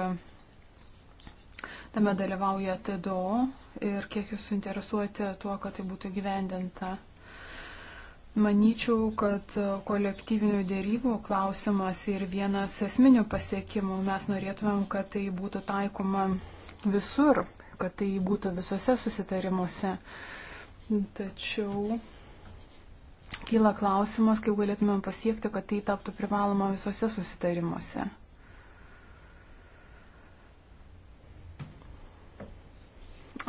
tame dalyvauja TDO ir kiek jūs suinteresuoti tuo, kad tai būtų gyvendinta. Manyčiau, kad kolektyvinių dėrybų klausimas ir vienas esminių pasiekimų mes norėtumėm, kad tai būtų taikoma visur, kad tai būtų visose susitarimuose. Tačiau kyla klausimas, kaip galėtumėm pasiekti, kad tai taptų privaloma visose susitarimuose.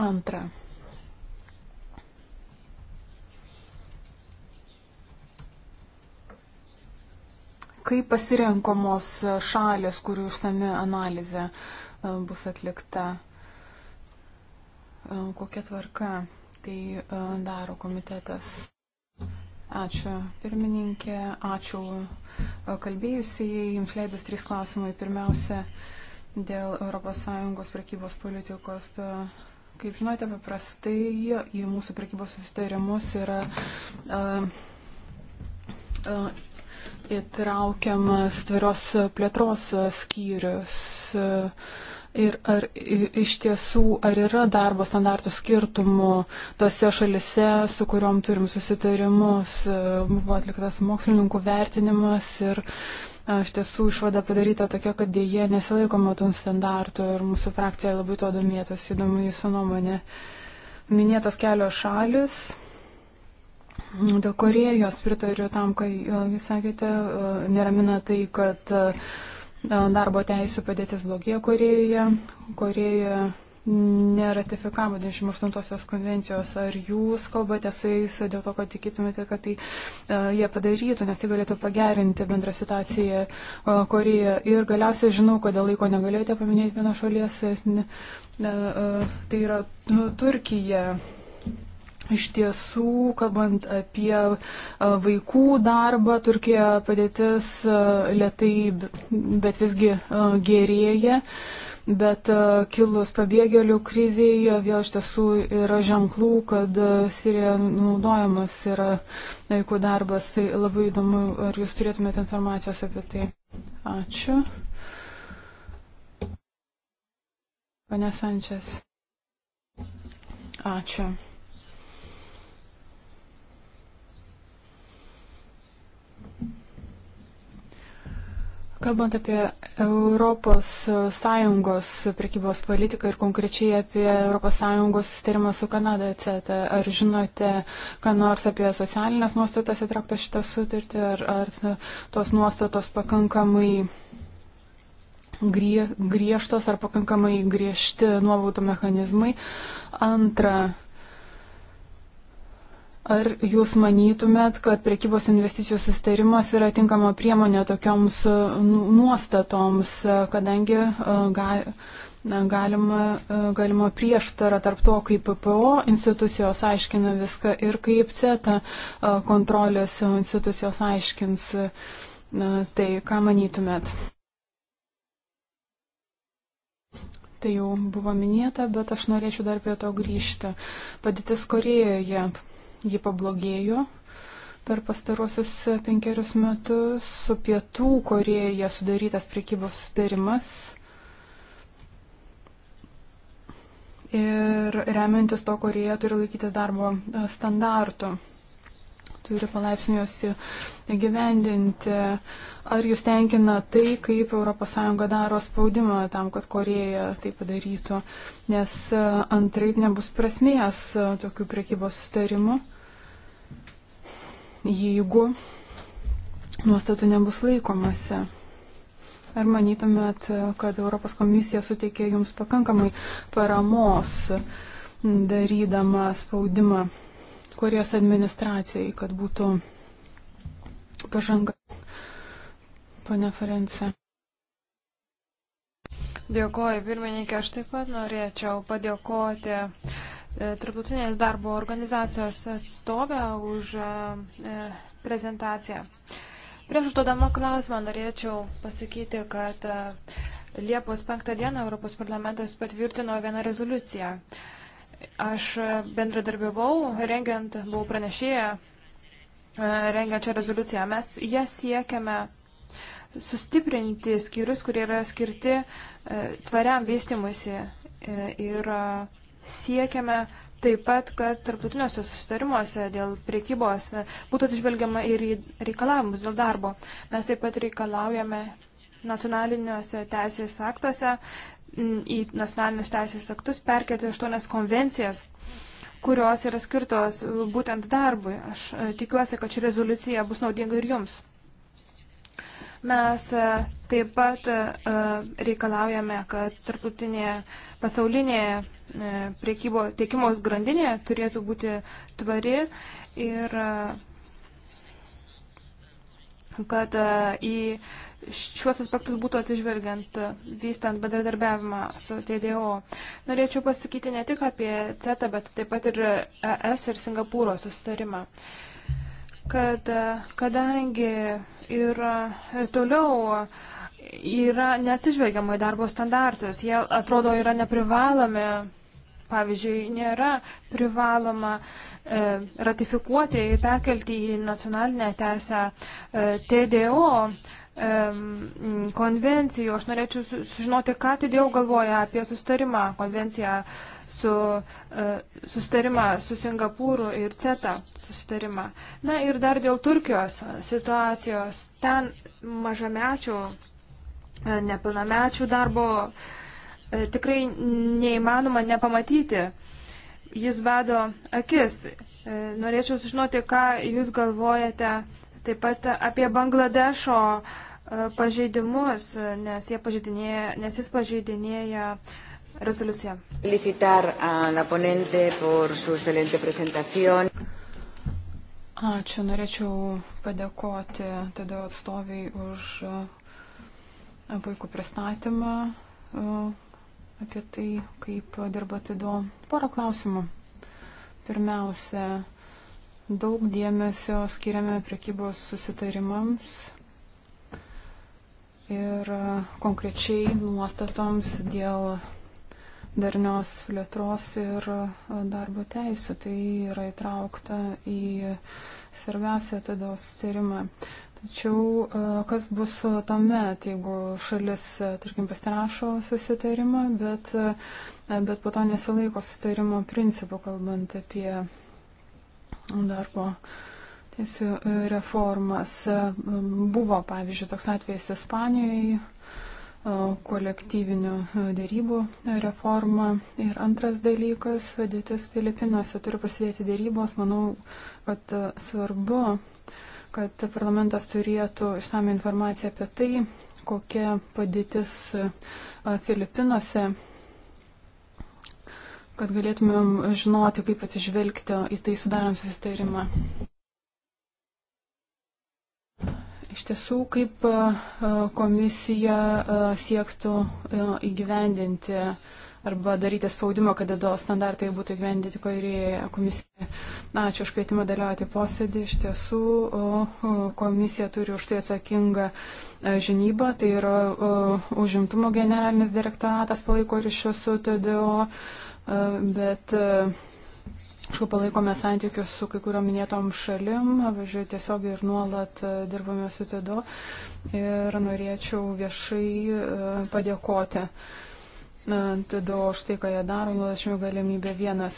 Antra. Kaip pasirenkomos šalis, kurių išsami analizė e, bus atlikta? E, kokia tvarka tai e, daro komitetas? Ačiū pirmininkė, ačiū e, kalbėjusiai. Jums leidus trys klausimai. Pirmiausia, dėl ES prekybos politikos. Kaip žinote, paprastai į mūsų prekybos susitarimus yra uh, uh, įtraukiamas tvarios plėtros skyrius. Uh, Ir ar iš tiesų, ar yra darbo standartų skirtumų tose šalise, su kuriuom turim susitarimus, e, buvo atliktas mokslininkų vertinimas ir e, iš tiesų išvada padaryta tokia, kad dėje nesilaikoma tų standartų ir mūsų frakcija labai to domėtos, įdomu jūsų nuomonė. Minėtos kelios šalis. Dėl Korejos pritariu tam, kai e, jūs sakėte, neramina tai, kad uh, darbo teisų padėtis blogėja Korejoje. Korejoje neratifikavo 28-osios konvencijos. Ar jūs kalbate su jais dėl to, kad tikėtumėte, kad tai uh, jie padarytų, nes tai galėtų pagerinti bendrą situaciją uh, e, Korejoje. Ir galiausiai žinau, kodėl laiko negalėjote paminėti vienos šalies. Ne, uh, tai yra nu, Turkija. Iš tiesų, kalbant apie vaikų darbą, Turkija padėtis lietai, bet visgi gerėja, bet kilus pabėgėlių kriziai vėl iš tiesų yra ženklų, kad Sirija naudojamas yra vaikų darbas. Tai labai įdomu, ar jūs turėtumėte informacijos apie tai. Ačiū. Pane Sančias. Ačiū. Kalbant apie Europos Sąjungos prekybos politiką ir konkrečiai apie Europos Sąjungos sustarimą su Kanada CETA, ar žinote, ką nors apie socialinės nuostatas įtraukta šitą sutartį, ar, ar tos nuostatos pakankamai grie, griežtos, ar pakankamai griežti nuovautų mechanizmai? Antra, Ar jūs manytumėt, kad prekybos investicijų sustarimas yra tinkama priemonė tokioms e, nu, nuostatoms, e, kadangi e, galima, galima prieštara tarp to, kaip PPO institucijos aiškina viską ir kaip CETA kontrolės institucijos aiškins tai, ką manytumėt? Tai jau buvo minėta, bet aš norėčiau dar prie to grįžti. Padėtis Korejoje ji pablogėjo per pastarosius penkerius metus. Su pietų Koreja sudarytas priekybos sudarimas. Ir remiantis to, Koreja turi laikytis darbo e, standartų turi palaipsniui juos įgyvendinti. Ar jūs tenkina tai, kaip ES daro spaudimą tam, kad Koreja tai padarytų? Nes e, antraip nebus prasmės e, tokių priekybos sustarimų jeigu nuostatų nebus laikomasi. Ar manytumėt, kad Europos komisija suteikė jums pakankamai paramos darydama spaudimą Korejos administracijai, kad būtų pažanga? Pane Ference. Dėkoju, pirmininkė, aš taip pat norėčiau padėkoti E, tarptautinės darbo organizacijos atstovę už e, e, prezentaciją. Prieš užduodama klausimą norėčiau pasakyti, kad Liepos 5 dieną Europos parlamentas patvirtino vieną rezoliuciją. Aš bendradarbiavau, rengiant, buvau pranešėję, rengiant šią rezoliuciją. Mes ją siekiame sustiprinti skyrius, kurie yra skirti tvariam vystimusi ir siekiame taip pat, kad tarptautiniuose susitarimuose dėl priekybos būtų atžvelgiama ir į reikalavimus dėl darbo. Mes taip pat reikalaujame nacionaliniuose teisės aktuose į nacionalinius teisės aktus perkelti aštuonias konvencijas, kurios yra skirtos būtent darbui. Aš e, tikiuosi, kad ši rezoliucija bus naudinga ir jums. Mes e, taip pat e, reikalaujame, kad tarptautinėje pasaulinėje E, priekybo tiekimos grandinė turėtų būti tvari ir e, kad e, į šiuos aspektus būtų atsižvelgiant vystant bendradarbiavimą su TDO. Norėčiau pasakyti ne tik apie CETA, bet taip pat ir ES ir Singapūro susitarimą. Kad, kadangi ir, ir toliau yra neatsižvelgiama į darbo standartus, jie atrodo yra neprivalomi pavyzdžiui, nėra privaloma e, ratifikuoti ir perkelti į nacionalinę teisę e, TDO e, konvencijų. Aš norėčiau sužinoti, ką TDO galvoja apie sustarimą, konvenciją su e, sustarimą su Singapūru ir CETA sustarimą. Na ir dar dėl Turkijos situacijos. Ten mažamečių, e, nepilnamečių darbo e, E, tikrai neįmanoma nepamatyti. Jis bado akis. E, norėčiau sužinoti, ką jūs galvojate taip pat apie Bangladešo e, pažeidimus, nes, nes jis pažeidinėja resoluciją. Felicitar a la ponente por su excelente presentación. Ačiū, norėčiau padėkoti tada atstoviai už puikų pristatymą apie tai, kaip dirba TIDO. Porą klausimų. Pirmiausia, daug dėmesio skiriame prekybos susitarimams ir e, konkrečiai nuostatoms dėl darnios plėtros ir e, darbo teisų. Tai yra įtraukta į svarbiausią tada sutarimą. Tačiau e, kas bus tuomet, jeigu šalis, e, tarkim, pasirašo susitarimą, bet, e, bet po to nesilaiko susitarimo principų, kalbant apie darbo teisų reformas. Buvo, pavyzdžiui, toks atvejis Ispanijoje kolektyvinių dėrybų reforma. Ir antras dalykas, vadėtis Filipinose turi prasidėti dėrybos. Manau, kad svarbu kad parlamentas turėtų išsame informaciją apie tai, kokia padėtis Filipinuose, kad galėtumėm žinoti, kaip atsižvelgti į tai sudarant susitarimą. Iš tiesų, kaip komisija siektų įgyvendinti uh, arba daryti spaudimo, kad DDO standartai būtų įgyvendyti, ko ir komisija. Ačiū už kvietimą dalyvauti posėdį. Iš tiesų, komisija turi už tai atsakingą e, žinybą, tai yra užimtumo generalinis direktoratas palaiko ryšius su TDO, e, bet. E, aišku, palaikome santykius su kai kuriuo minėtom šalim, pavyzdžiui, tiesiog ir nuolat dirbame su TEDO ir norėčiau viešai padėkoti. Uh, Tada už tai, ką jie daro, nuolašinio galimybė vienas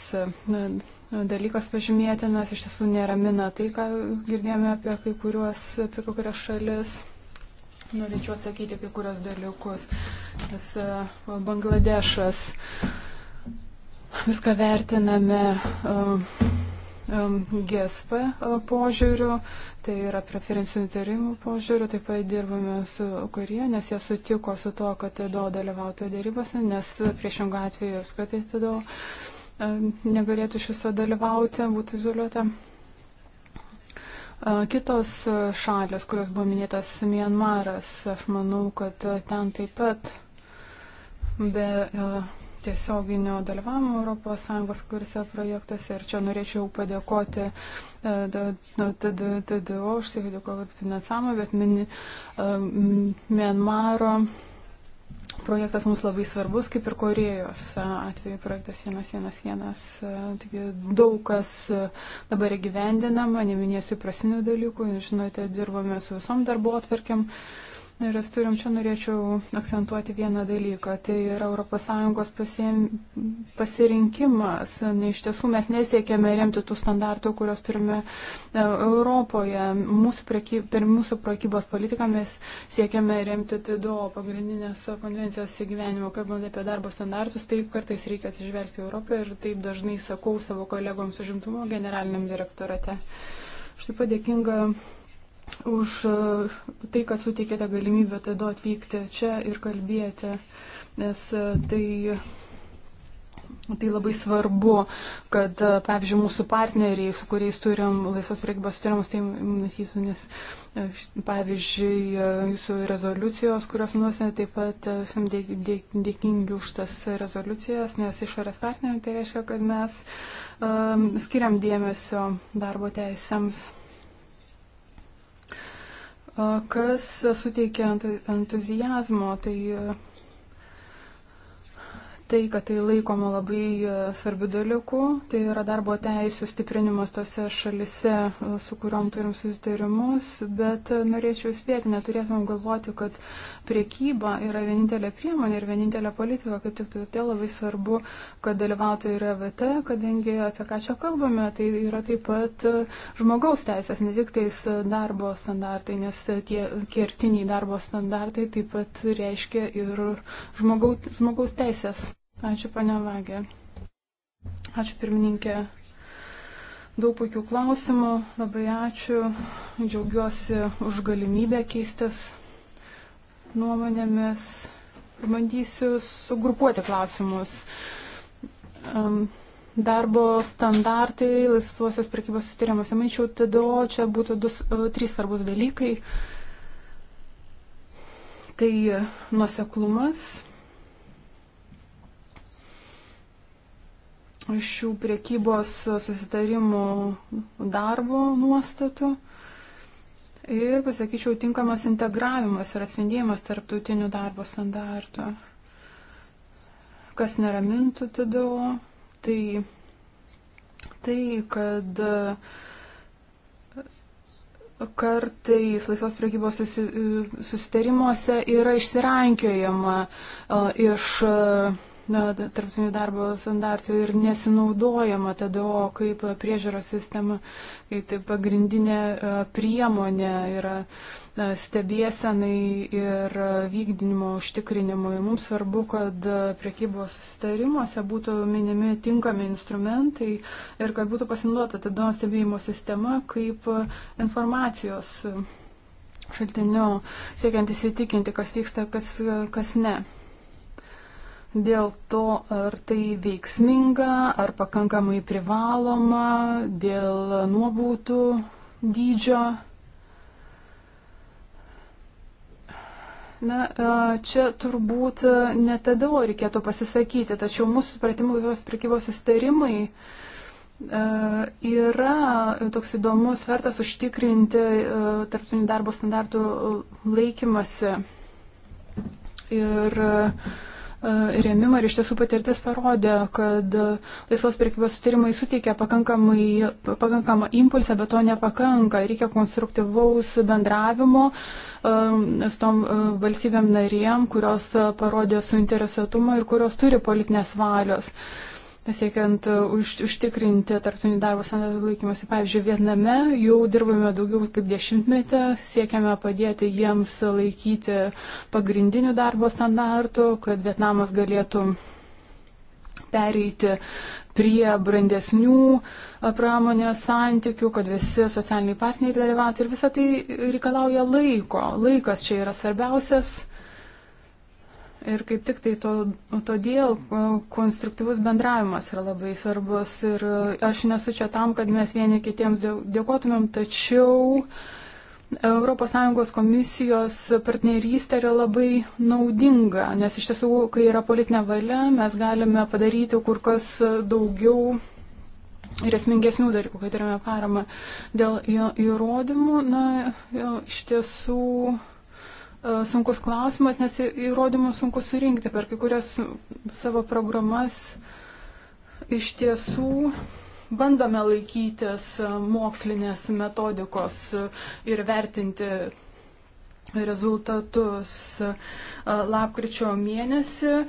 dalykas pažymėti, nes iš tiesų neramina tai, ką girdėjome apie kai kuriuos, apie kai kurias šalis. Norėčiau atsakyti kai kurios dalykus. Nes Bangladešas viską vertiname GSP e, požiūriu, tai yra preferencinių tarimų požiūriu, taip pat dirbame su Korėja, nes jie sutiko su to, kad TDO dalyvautų dėrybose, nes priešingų atveju apskritai TDO e, negalėtų iš viso dalyvauti, būtų izoliuota. E, kitos šalės, kurios buvo minėtas Mianmaras, aš manau, kad ten taip pat be tiesioginio dalyvavimo ES kuriuose projektuose. Ir čia norėčiau padėkoti e, TDO, už tai dėkoju finansavimą, bet Mienmaro projektas mums labai svarbus, kaip ir Korejos atveju projektas 111. E, taigi daug kas e, dabar įgyvendinama, neminėsiu prasinių dalykų, žinote, dirbame su visom darbo atverkiam. Uh, Nes turim čia norėčiau akcentuoti vieną dalyką, tai yra ES pasirinkimas. Ne, iš tiesų mes nesiekėme remti tų standartų, kurios turime e, Europoje. Mūsų preky, per mūsų prekybos politiką mes siekėme remti TDO pagrindinės konvencijos įgyvenimo. Kalbant apie darbo standartus, taip kartais reikia atsižvelgti Europoje ir taip dažnai sakau savo kolegoms užimtumo generaliniam direktorate. Aš taip pat dėkinga už e, tai, kad suteikėte galimybę tada atvykti čia ir kalbėti, nes e, tai, tai labai svarbu, kad, e, pavyzdžiui, mūsų partneriai, su kuriais turim laisvos priekybos sutarimus, tai nusysiu, nes, pavyzdžiui, jūsų rezoliucijos, kurios nuosime, taip pat esam dėkingi už tas rezoliucijas, nes išorės partneriai tai reiškia, kad mes um, skiriam dėmesio darbo teisėms kas suteikia entuzijazmo, tai tai, kad tai laikoma labai e, svarbių dalykų, tai yra darbo teisų stiprinimas tose šalise, e, su kuriuom turim susitarimus, bet e, norėčiau spėti, neturėtumėm galvoti, kad priekyba yra vienintelė priemonė ir vienintelė politika, kaip tik todėl labai svarbu, kad dalyvautų ir EVT, kadangi apie ką čia kalbame, tai yra taip pat žmogaus teisės, ne tik tais darbo standartai, nes tie kertiniai darbo standartai taip pat reiškia ir žmogaus, žmogaus teisės. Ačiū, ponia Vagė. Ačiū, pirmininkė. Daug puikių klausimų, labai ačiū, džiaugiuosi už galimybę keistis nuomonėmis ir bandysiu sugrupuoti klausimus. Darbo standartai laisvosios prekybos sutarimuose, manyčiau, TDO čia būtų du, e, trys svarbus dalykai. Tai nuoseklumas, šių priekybos susitarimų darbo nuostatų. Ir, pasakyčiau, tinkamas integravimas ir atspindėjimas tarptautinių darbo standartų. Kas neramintų tada, tai tai, kad kartais laisvos priekybos susitarimuose yra išsirankiojama e, iš. Uh, na, tarptautinių darbo standartų ir nesinaudojama TDO kaip priežiūros sistema, kaip tai pagrindinė e, priemonė yra e, stebėsenai ir vykdinimo užtikrinimui. Mums svarbu, kad priekybos sustarimuose būtų minimi tinkami instrumentai ir kad būtų pasinaudota tada stebėjimo sistema kaip informacijos šaltiniu, siekiant įsitikinti, kas vyksta, kas, kas ne dėl to, ar tai veiksminga, ar pakankamai privaloma, dėl nuobautų dydžio. Na, čia turbūt ne tada reikėtų pasisakyti, tačiau mūsų supratimu tos prekybos sustarimai yra toks įdomus vertas užtikrinti tarptautinių darbo standartų laikymasi. Ir uh, E, remimą ir iš tiesų patirtis parodė, kad laisvos priekybos sutarimai suteikia pakankamą impulsą, bet to nepakanka. Reikia konstruktyvaus bendravimo e, su tom e, valstybėm narėm, kurios parodė suinteresuotumą ir kurios turi politinės valios. Uh, siekiant e, už, užtikrinti tarptautinį darbo santykių laikymasi. Pavyzdžiui, Vietname jau dirbame daugiau kaip dešimtmetį, siekiame padėti jiems laikyti pagrindinių darbo standartų, kad Vietnamas galėtų pereiti prie brandesnių e, pramonės santykių, kad visi socialiniai partneriai dalyvautų ir visą tai reikalauja laiko. Laikas čia yra svarbiausias Ir kaip tik tai to, todėl e, konstruktyvus bendravimas yra labai svarbus. Ir e, aš nesu čia tam, kad mes vieni kitiems dėkotumėm, tačiau ES komisijos partnerystė yra labai naudinga, nes iš tiesų, kai yra politinė valia, mes galime padaryti kur kas daugiau ir esmingesnių dalykų, kai turime paramą dėl įrodymų. Na, iš tiesų. E, sunkus klausimas, nes įrodymų sunku surinkti per kai kurias savo programas. Iš tiesų bandome laikytis mokslinės metodikos ir vertinti rezultatus e, lapkričio mėnesį. E,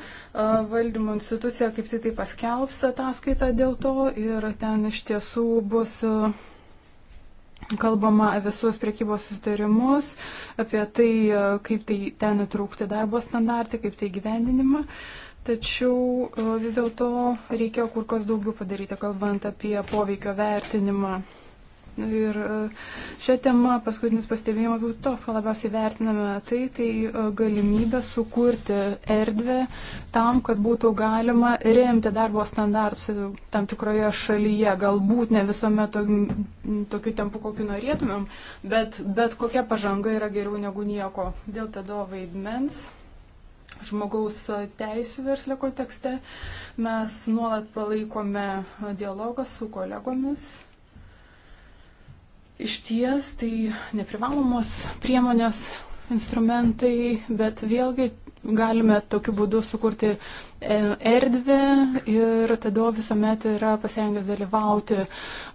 valdymo institucija kaip tik tai paskelbs ataskaitą dėl to ir ten iš tiesų bus kalbama visus priekybos sustarimus, apie tai, kaip tai ten įtraukti darbo standartai, kaip tai gyvendinimą. Tačiau e, vis dėlto reikia kur kas daugiau padaryti, kalbant apie poveikio vertinimą Ir e, šią temą paskutinis pastebėjimas būtų toks, ką labiausiai vertiname, tai, tai e, galimybė sukurti erdvę tam, kad būtų galima remti darbo standartus tam tikroje šalyje. Galbūt ne visuomet to, tokiu tempu, kokiu norėtumėm, bet, bet kokia pažanga yra geriau negu nieko. Dėl tada vaidmens žmogaus teisų verslo kontekste. Mes nuolat palaikome dialogą su kolegomis Iš ties tai neprivalomos priemonės, instrumentai, bet vėlgi galime tokiu būdu sukurti e, erdvę ir tada visuomet yra pasirengęs dalyvauti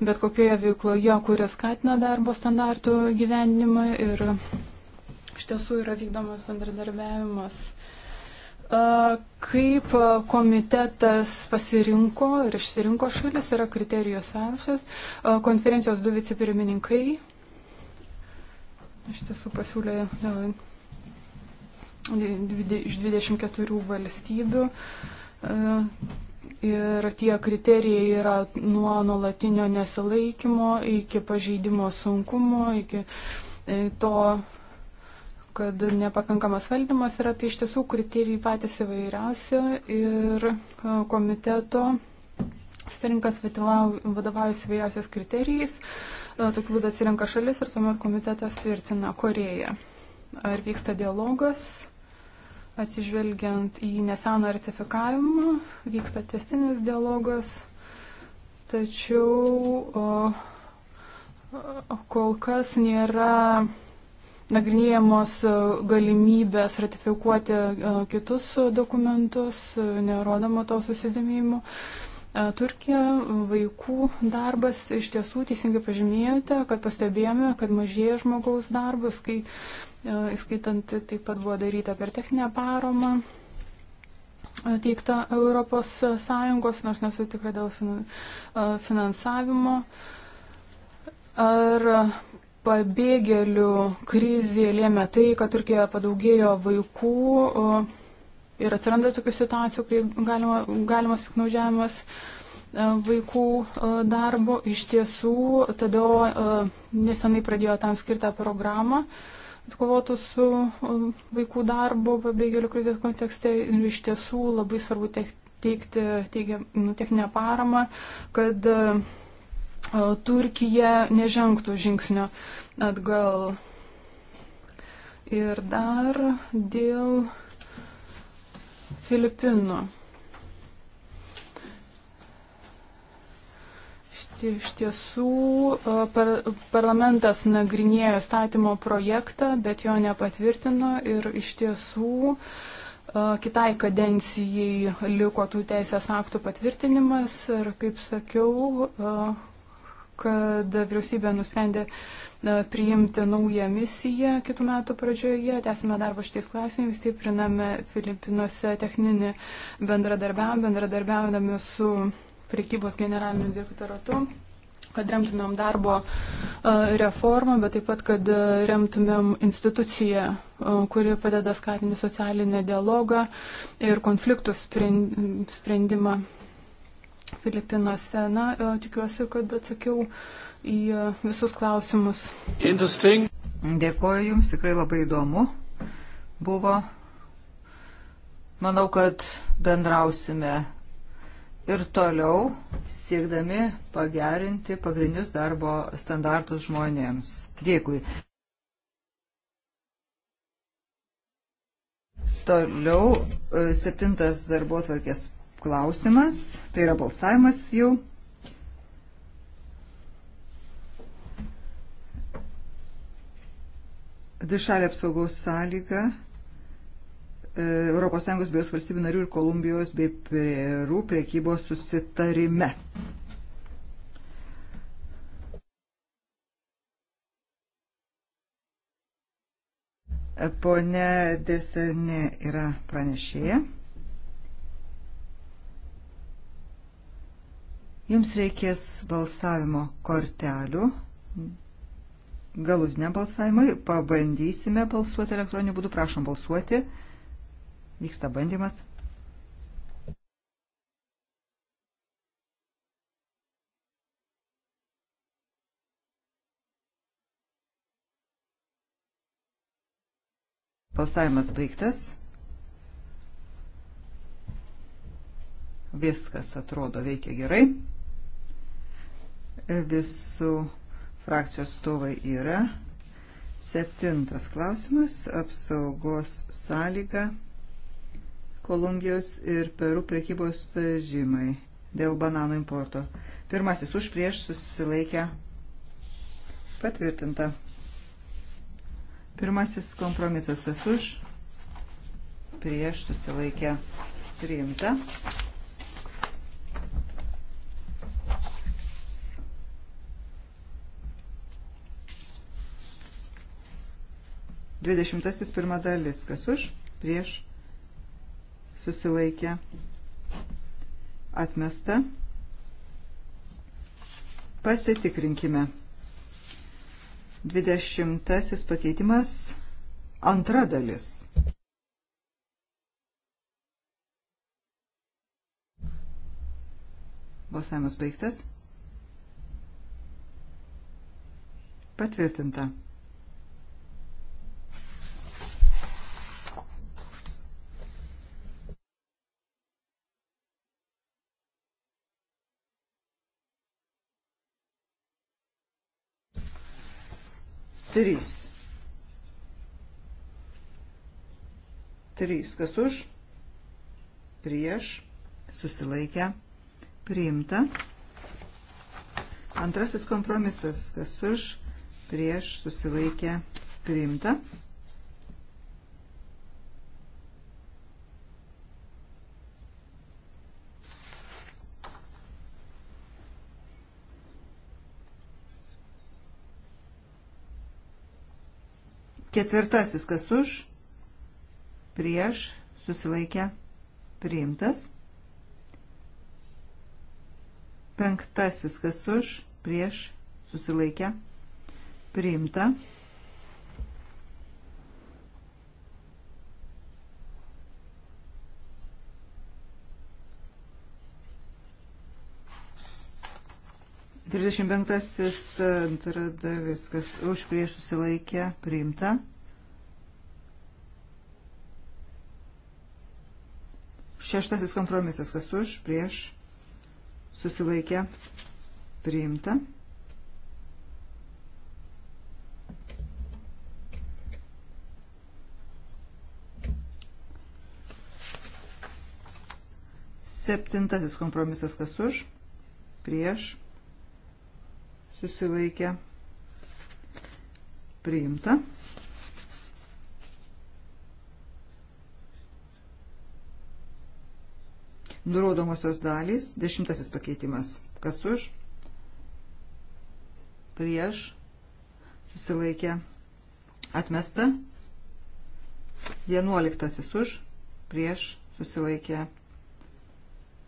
bet kokioje veikloje, kuria skatina darbo standartų gyvenimą ir iš tiesų yra vykdomas bendradarbiavimas. Kaip komitetas pasirinko ir išsirinko šalis, yra kriterijų sąrašas. Konferencijos du vicepirmininkai iš tiesų pasiūlė iš 24 valstybių. Ir tie kriterijai yra nuo nuolatinio nesilaikymo iki pažeidimo sunkumo, iki e, to kad nepakankamas valdymas yra, tai iš tiesų kriterijai patys įvairiausi ir e, komiteto Spirinkas vadovaujasi įvairiausiais kriterijais, e, tokiu būdu atsirenka šalis ir tuomet komitetas tvirtina Koreją. Ar vyksta dialogas, atsižvelgiant į neseną ratifikavimą, vyksta testinis dialogas, tačiau o, o, kol kas nėra nagrinėjamos e, galimybės ratifikuoti e, kitus dokumentus, e, nerodoma to susidomėjimo. Turkija vaikų darbas iš tiesų teisingai pažymėjote, kad pastebėjome, kad mažėja žmogaus darbus, kai įskaitant taip pat buvo daryta per techninę paromą teikta Europos Sąjungos, nors nesu tikra dėl finansavimo. Ar pabėgėlių krizė lėmė tai, kad Turkijoje padaugėjo vaikų ir atsiranda tokių situacijų, kai galima, galimas piknaudžiavimas e, vaikų e, darbo. Iš tiesų, tada e, nesenai pradėjo tam skirtą programą kovotų su vaikų darbu pabėgėlių krizės kontekste ir iš tiesų labai svarbu teikti teigia, nu, techninę paramą, kad uh, Turkija nežengtų žingsnio atgal. Ir dar dėl Filipinų. Iš tiesų par, parlamentas nagrinėjo statymo projektą, bet jo nepatvirtino ir iš tiesų kitai kadencijai liko tų teisės aktų patvirtinimas ir, kaip sakiau, kad vyriausybė nusprendė priimti naują misiją kitų metų pradžioje. Tęsime darbą šitais klausimais, stipriname Filipinuose techninį bendradarbiavimą, bendradarbiaudami su prekybos generaliniu direktoratu kad remtumėm darbo reformą, bet taip pat, kad remtumėm instituciją, kuri padeda skatinti socialinę dialogą ir konfliktų sprendimą Filipinuose. Na, e, tikiuosi, kad atsakiau į e, visus klausimus. Interesting. Dėkoju Jums, tikrai labai įdomu buvo. Manau, kad bendrausime ir toliau siekdami pagerinti pagrindinius darbo standartus žmonėms. Dėkui. Toliau e, septintas darbo tvarkės klausimas, tai yra balsavimas jau. Dvišalė apsaugos sąlyga e, ES bei jos valstybių narių ir Kolumbijos bei Perų priekybos susitarime. E, Pone Deserne yra pranešėja. Jums reikės balsavimo kortelių. Galutiniam balsavimui pabandysime balsuoti elektroniniu būdu. Prašom balsuoti. Vyksta bandymas. Balsavimas baigtas. Viskas atrodo veikia gerai visų frakcijos stovai yra. Septintas klausimas - apsaugos sąlyga Kolumbijos ir Peru prekybos stažymai dėl bananų importo. Pirmasis už prieš susilaikę patvirtinta. Pirmasis kompromisas kas už prieš susilaikę priimta. 21 dalis. Kas už? Prieš susilaikė atmesta. Pasitikrinkime. 20 pakeitimas antra dalis. Balsavimas baigtas. Patvirtinta. 3. 3. Kas už? Prieš. Susilaikę. Priimta. Antrasis kompromisas. Kas už? Prieš. Susilaikę. Priimta. Ketvirtasis, kas už, prieš, susilaikę, priimtas. Penktasis, kas už, prieš, susilaikę, priimta. 35 antra dalis, kas už prieš susilaikė, priimta. 6 kompromisas, kas už prieš susilaikė, priimta. Septintasis kompromisas, kas už prieš susilaikė priimta. Nurodomosios dalys, dešimtasis pakeitimas. Kas už? Prieš. Susilaikė. Atmesta. Vienuoliktasis už. Prieš. Susilaikė.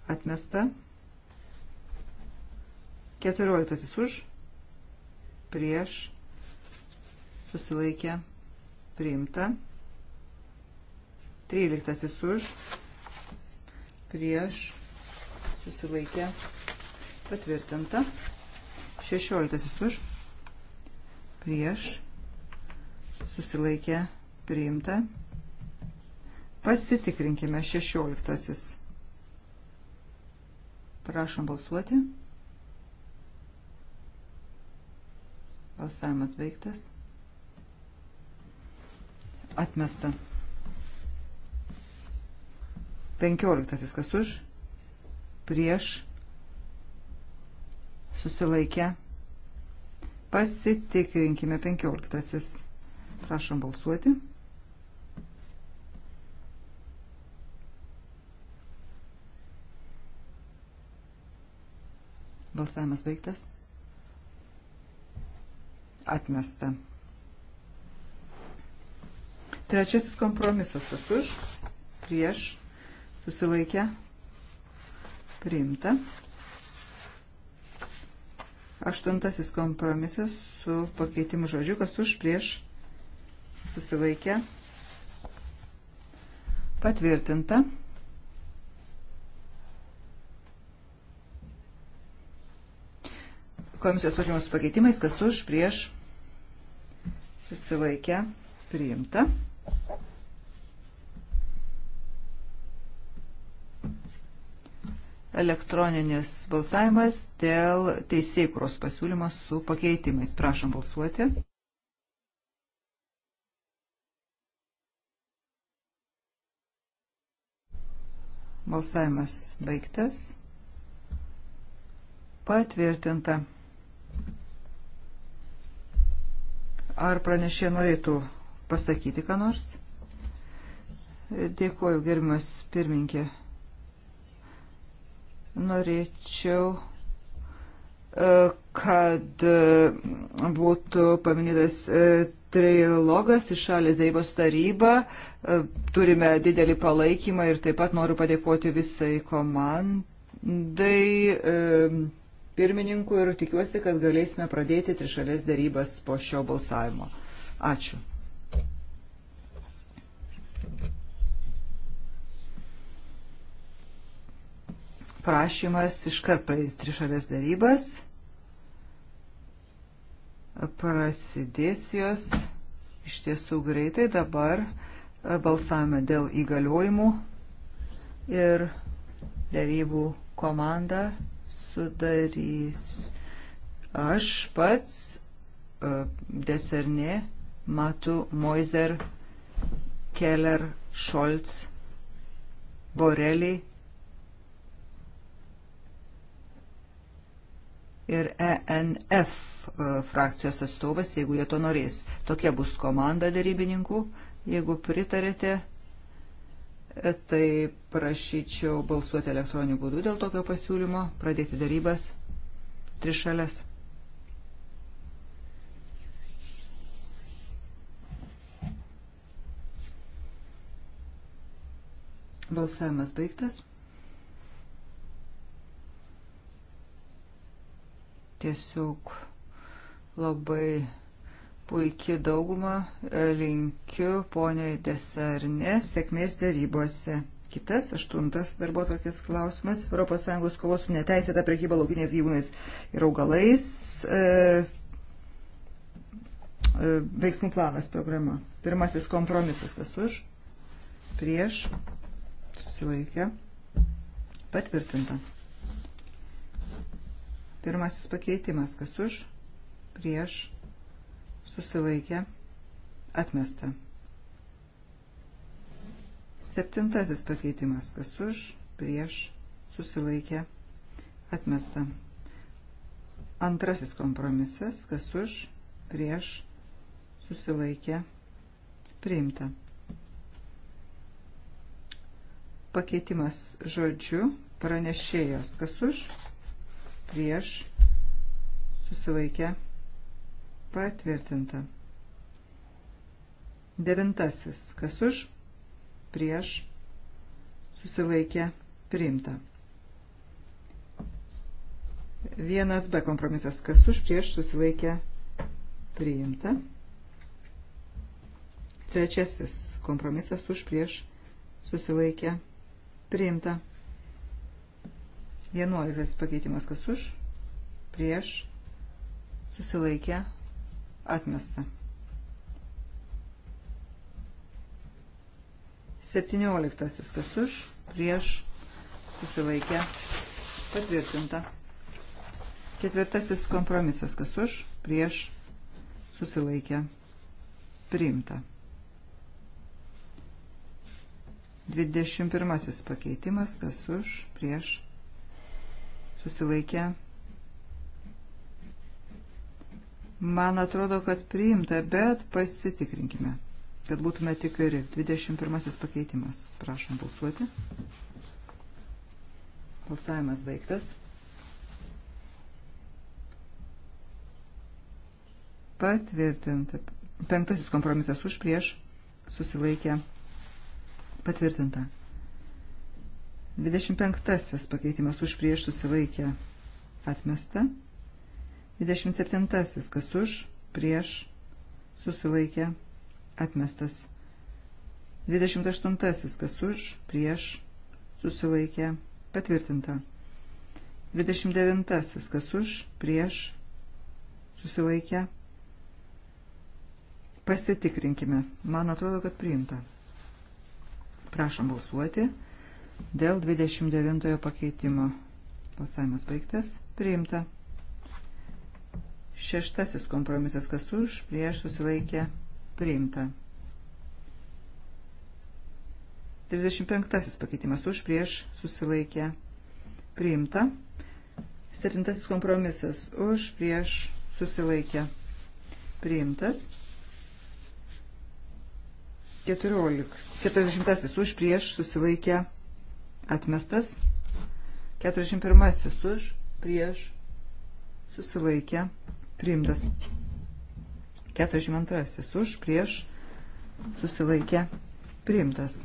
Atmesta. Keturioliktasis už. Prieš prieš susilaikę priimta. 13 už prieš susilaikę patvirtinta. 16 už prieš susilaikę priimta. Pasitikrinkime 16. Prašom balsuoti. Balsavimas baigtas. Atmesta. 15. Kas už? Prieš. Susilaikę. Pasitikrinkime 15. Prašom balsuoti. Balsavimas baigtas atmesta. Trečiasis kompromisas tas už, prieš, susilaikę, priimta. Aštuntasis kompromisas su pakeitimu žodžiu, kas už, prieš, susilaikę, patvirtinta. Komisijos pasiūlymus pakeitimais, kas už, prieš, susilaikę, priimta. Elektroninis balsavimas dėl teisėkros pasiūlymo su pakeitimais. Prašom balsuoti. Balsavimas baigtas. Patvirtinta. Ar pranešė norėtų pasakyti ką nors? Dėkuoju, gerbimas pirminkė. Norėčiau, e, kad e, būtų paminėtas e, trilogas iš šalės dėrybos taryba. Turime didelį palaikymą ir taip pat noriu padėkoti visai komandai pirmininku ir tikiuosi, kad galėsime pradėti trišalės darybas po šio balsavimo. Ačiū. Prašymas iškart pradėti trišalės darybas. Prasidės jos iš tiesų greitai dabar e, balsavome dėl įgaliojimų ir darybų komanda sudarys. Aš pats e, Desernė, Matu, Moizer, Keller, Scholz, Borelį ir ENF e, frakcijos atstovas, jeigu jie to norės. Tokia bus komanda darybininkų. Jeigu pritarėte, tai prašyčiau balsuoti elektroniniu būdu dėl tokio pasiūlymo, pradėti darybas trišalės. Balsavimas baigtas. Tiesiog labai puikiai daugumą. Linkiu poniai Desarne sėkmės darybose. Kitas aštuntas darbo tvarkės klausimas - ES kovos su neteisėta prekyba laukiniais gyvūnais ir augalais e, e, veiksmų planas programa. Pirmasis kompromisas - kas už, prieš, susilaikė, patvirtinta. Pirmasis pakeitimas - kas už, prieš, susilaikė, atmesta. Septintasis pakeitimas, kas už, prieš, susilaikė, atmesta. Antrasis kompromisas, kas už, prieš, susilaikė, priimta. Pakeitimas žodžiu, pranešėjos, kas už, prieš, susilaikė, atmesta Patvirtinta. Devintasis. Kas už? Prieš. Susilaikė. Priimta. Vienas B kompromisas. Kas už? Prieš. Susilaikė. Priimta. Trečiasis kompromisas už prieš susilaikė priimta. Vienuoliktasis pakeitimas kas už prieš susilaikė Atmesta. 17. Kas už, prieš, susilaikė, patvirtinta. Ketvirtasis kompromisas. Kas už, prieš, susilaikė, priimta. 21. Pakeitimas. Kas už, prieš, susilaikė, priimta Man atrodo, kad priimta, bet pasitikrinkime, kad būtume tikri. 21 pakeitimas. Prašom balsuoti. Balsavimas baigtas. Patvirtinta. Penktasis kompromisas už prieš susilaikė. Patvirtinta. 25 pakeitimas už prieš susilaikė. Atmesta. 27. Kas už, prieš, susilaikė, atmestas. 28. Kas už, prieš, susilaikė, patvirtinta. 29. Kas už, prieš, susilaikė. Pasitikrinkime. Man atrodo, kad priimta. Prašom balsuoti dėl 29 pakeitimo. Balsavimas baigtas. Priimta. Šeštasis kompromisas, kas už, prieš susilaikė priimta. 35 pakeitimas už, prieš susilaikė priimta. Septintasis kompromisas už, prieš susilaikė priimtas. 14. 40 už, prieš susilaikė atmestas. 41 už, prieš susilaikė priimtas priimtas. 42 už, prieš, susilaikė, priimtas.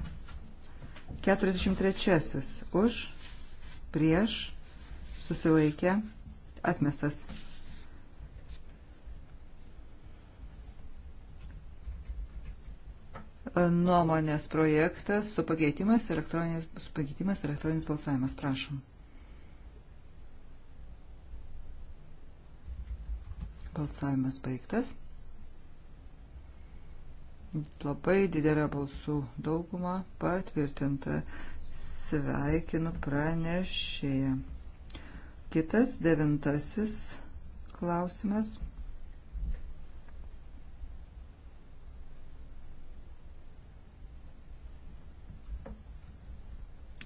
43 už, prieš, susilaikė, atmestas. Nuomonės projektas su pakeitimas elektroninis, su pakeitimas elektroninis balsavimas. Prašom. Balsavimas baigtas. Labai didelė balsų dauguma patvirtinta. Sveikinu pranešėją. Kitas devintasis klausimas.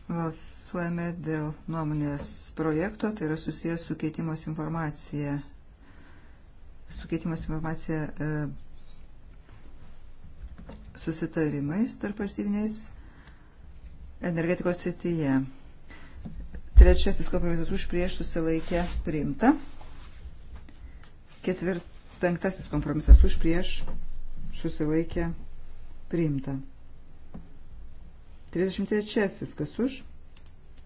Valsuojame dėl nuomonės projekto, tai yra susijęs su keitimos informacija sukeitimas informacija e, susitarimais tarp valstybiniais energetikos srityje. Trečiasis kompromisas už prieš susilaikę priimta. Ketvirt, penktasis kompromisas už prieš susilaikę priimta. 33. Kas už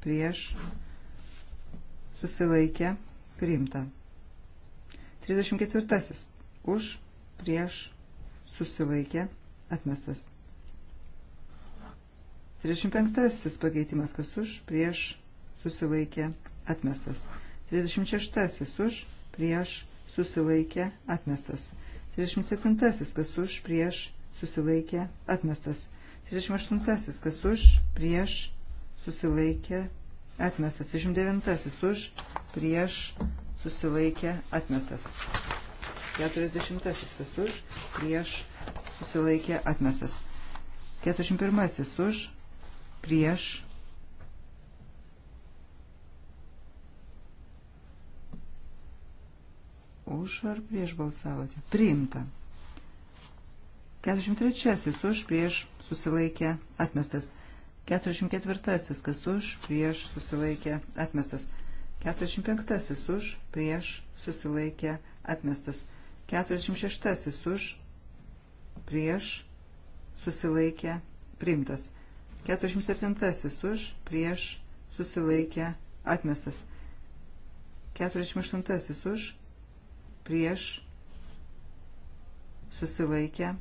prieš susilaikę priimta. 34. Už, prieš, susilaikė, atmestas. 35. Pakeitimas, kas už, prieš, susilaikė, atmestas. 36. Už, prieš, susilaikė, atmestas. 37. Kas už, prieš, susilaikė, atmestas. 38. Kas už, prieš, susilaikė, atmestas. 39. Už, prieš, susilaikė, atmestas susilaikė atmestas. 40 kas už, prieš susilaikė atmestas. 41 už, prieš. Už ar prieš balsavote? Priimta. 43 už, prieš susilaikė atmestas. 44 kas už, prieš susilaikė atmestas. 45 už, prieš, susilaikė, atmestas. 46 už, prieš, susilaikė, priimtas. 47 už, prieš, susilaikė, atmestas. 48 už, prieš, susilaikė.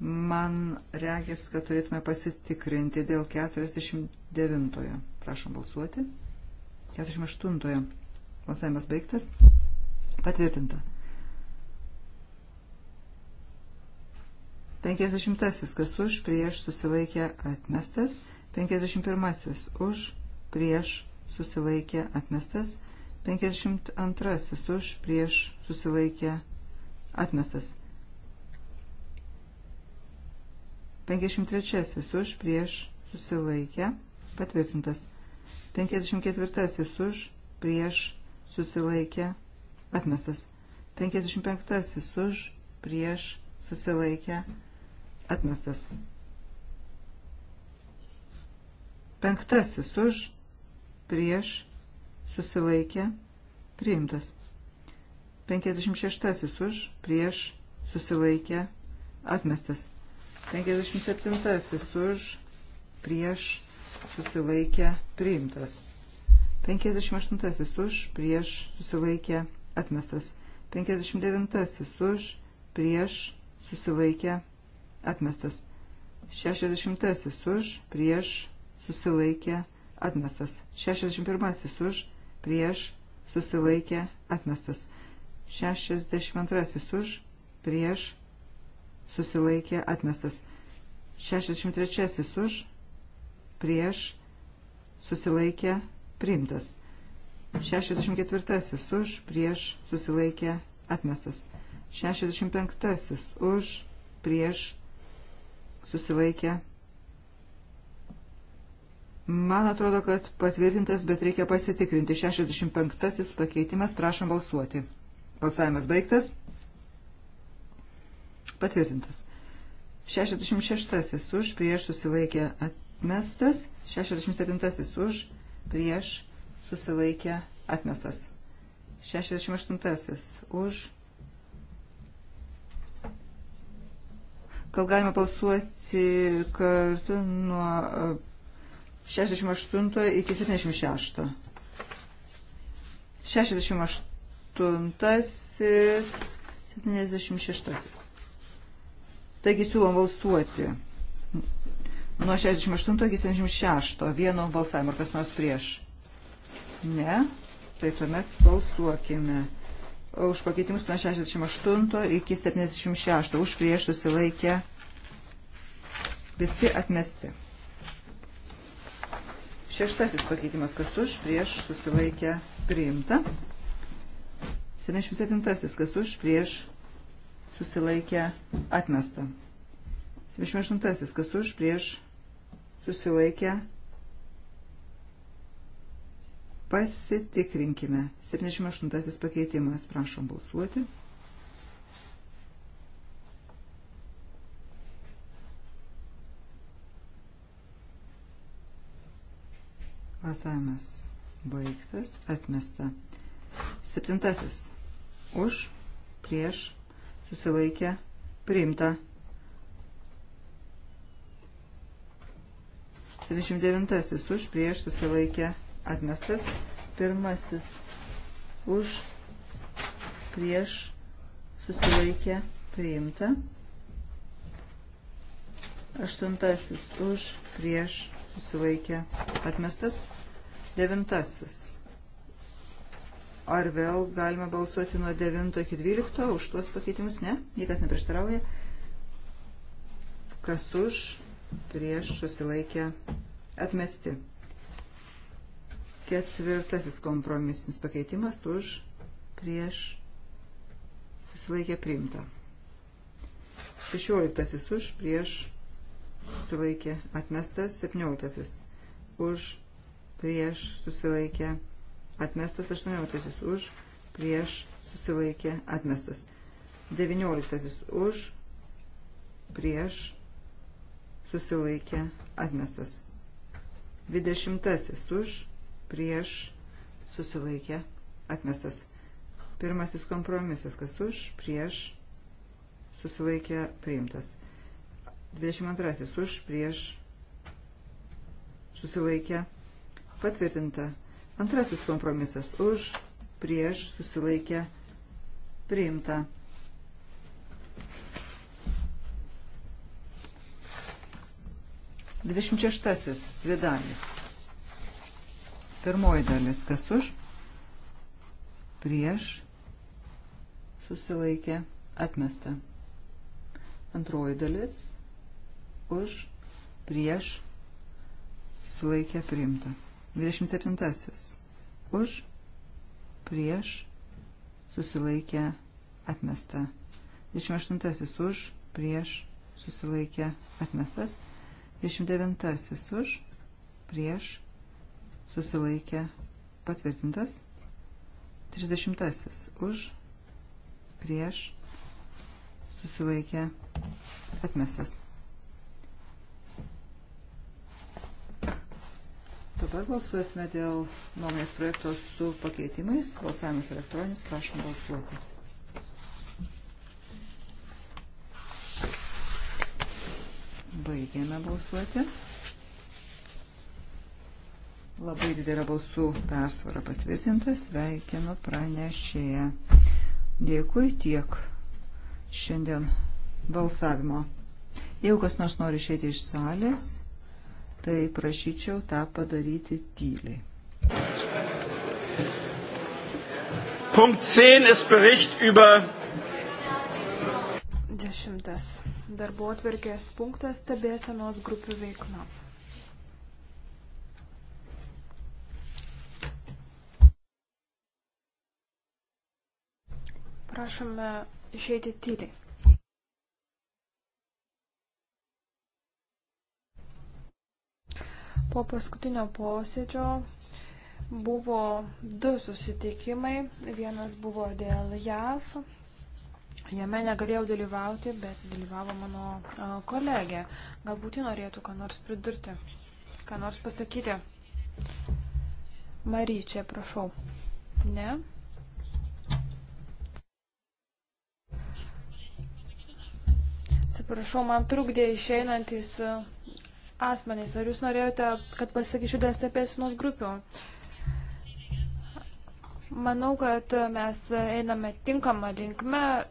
Man regis, kad turėtume pasitikrinti dėl 49. -ojo. Prašom balsuoti. 48. Balsavimas baigtas. Patvirtinta. 50. Kas už, prieš, susilaikė, atmestas. 51. Už, prieš, susilaikė, atmestas. 52. Už, prieš, susilaikė, atmestas. 53. Už, prieš, susilaikė, patvirtintas. 54 už, prieš, susilaikė, atmestas. 55 už, prieš, susilaikė, atmestas. Penktasis už, prieš, susilaikė, priimtas. 56 už, prieš, susilaikė, atmestas. 57 už, prieš, susilaikė priimtas. 58 už prieš susilaikė atmestas. 59 už prieš susilaikė atmestas. 60 už prieš susilaikė atmestas. 61 už prieš susilaikė atmestas. 62 už prieš susilaikė atmestas. 63 už prieš susilaikė priimtas. 64 už prieš susilaikė atmestas. 65 už prieš susilaikė. Man atrodo, kad patvirtintas, bet reikia pasitikrinti. 65 pakeitimas, prašom balsuoti. Balsavimas baigtas. Patvirtintas. 66 už prieš susilaikė atmestas atmestas, 67 už, prieš, susilaikė, atmestas. 68 už. Gal galime balsuoti kartu nuo 68 e, iki 76. 68, 76. Taigi siūlom balsuoti nuo 68 iki 76 vieno balsavimo. Ar kas nors prieš? Ne. Tai tuomet balsuokime. Už pakeitimus nuo 68 iki 76. Už prieš susilaikę visi atmesti. Šeštasis pakeitimas. Kas už prieš susilaikę priimta. 77. Kas už prieš susilaikę atmesta. 78. Kas už prieš susilaikę. Pasitikrinkime. 78 pakeitimas. Prašom balsuoti. Balsavimas baigtas, atmesta. Septintasis. Už, prieš, susilaikę, priimta. 79 už prieš susilaikė atmestas. Pirmasis už prieš susilaikė priimta. Aštuntasis už prieš susilaikė atmestas. Devintasis. Ar vėl galima balsuoti nuo 9 iki 12 už tuos pakeitimus? Ne, niekas neprieštarauja. Kas už? prieš susilaikę atmesti. Ketvirtasis kompromisinis pakeitimas už prieš susilaikę priimta. Šešioliktasis už prieš susilaikė atmestas. Septynioliktasis už prieš susilaikė atmestas. Aštuonioliktasis už prieš susilaikė atmestas. Devynioliktasis už prieš susilaikė atmestas. 20 už, prieš, susilaikė atmestas. Pirmasis kompromisas, kas už, prieš, susilaikė priimtas. 22 už, prieš, susilaikė patvirtinta. Antrasis kompromisas už, prieš, susilaikė priimta. 26. Dvi dalis. Pirmoji dalis. Kas už? Prieš. Susilaikė. Atmesta. Antroji dalis. Už. Prieš. Susilaikė. Priimta. 27. Už. Prieš. Susilaikė. Atmesta. 28. Už. Prieš. Susilaikė. Atmestas. 29 už, prieš, susilaikė, patvirtintas. 30 už, prieš, susilaikė, atmestas. Dabar balsuosime dėl nuomonės projekto su pakeitimais. Balsavimas elektroninis, prašom balsuoti. Baigėme balsuoti. Labai didelė balsų persvara patvirtinta. Sveikinu pranešėją. Dėkui tiek šiandien balsavimo. Jeigu kas nors nori išėti iš salės, tai prašyčiau tą padaryti tyliai. Punkt 10 ist Bericht über. Dešimtas darbo atverkės punktas stebėsenos grupių veikla. Prašome išeiti tyliai. Po paskutinio posėdžio buvo du susitikimai. Vienas buvo dėl JAV, Jame negalėjau dalyvauti, bet dalyvavo mano kolegė. Galbūt ji norėtų ką nors pridurti, ką nors pasakyti. Maryčia, prašau. Ne? Atsiprašau, man trukdė išeinantis asmenys. Ar jūs norėjote, kad pasakyčiau dėl stebėsinos grupių? Uh, Manau, kad mes einame tinkamą linkmę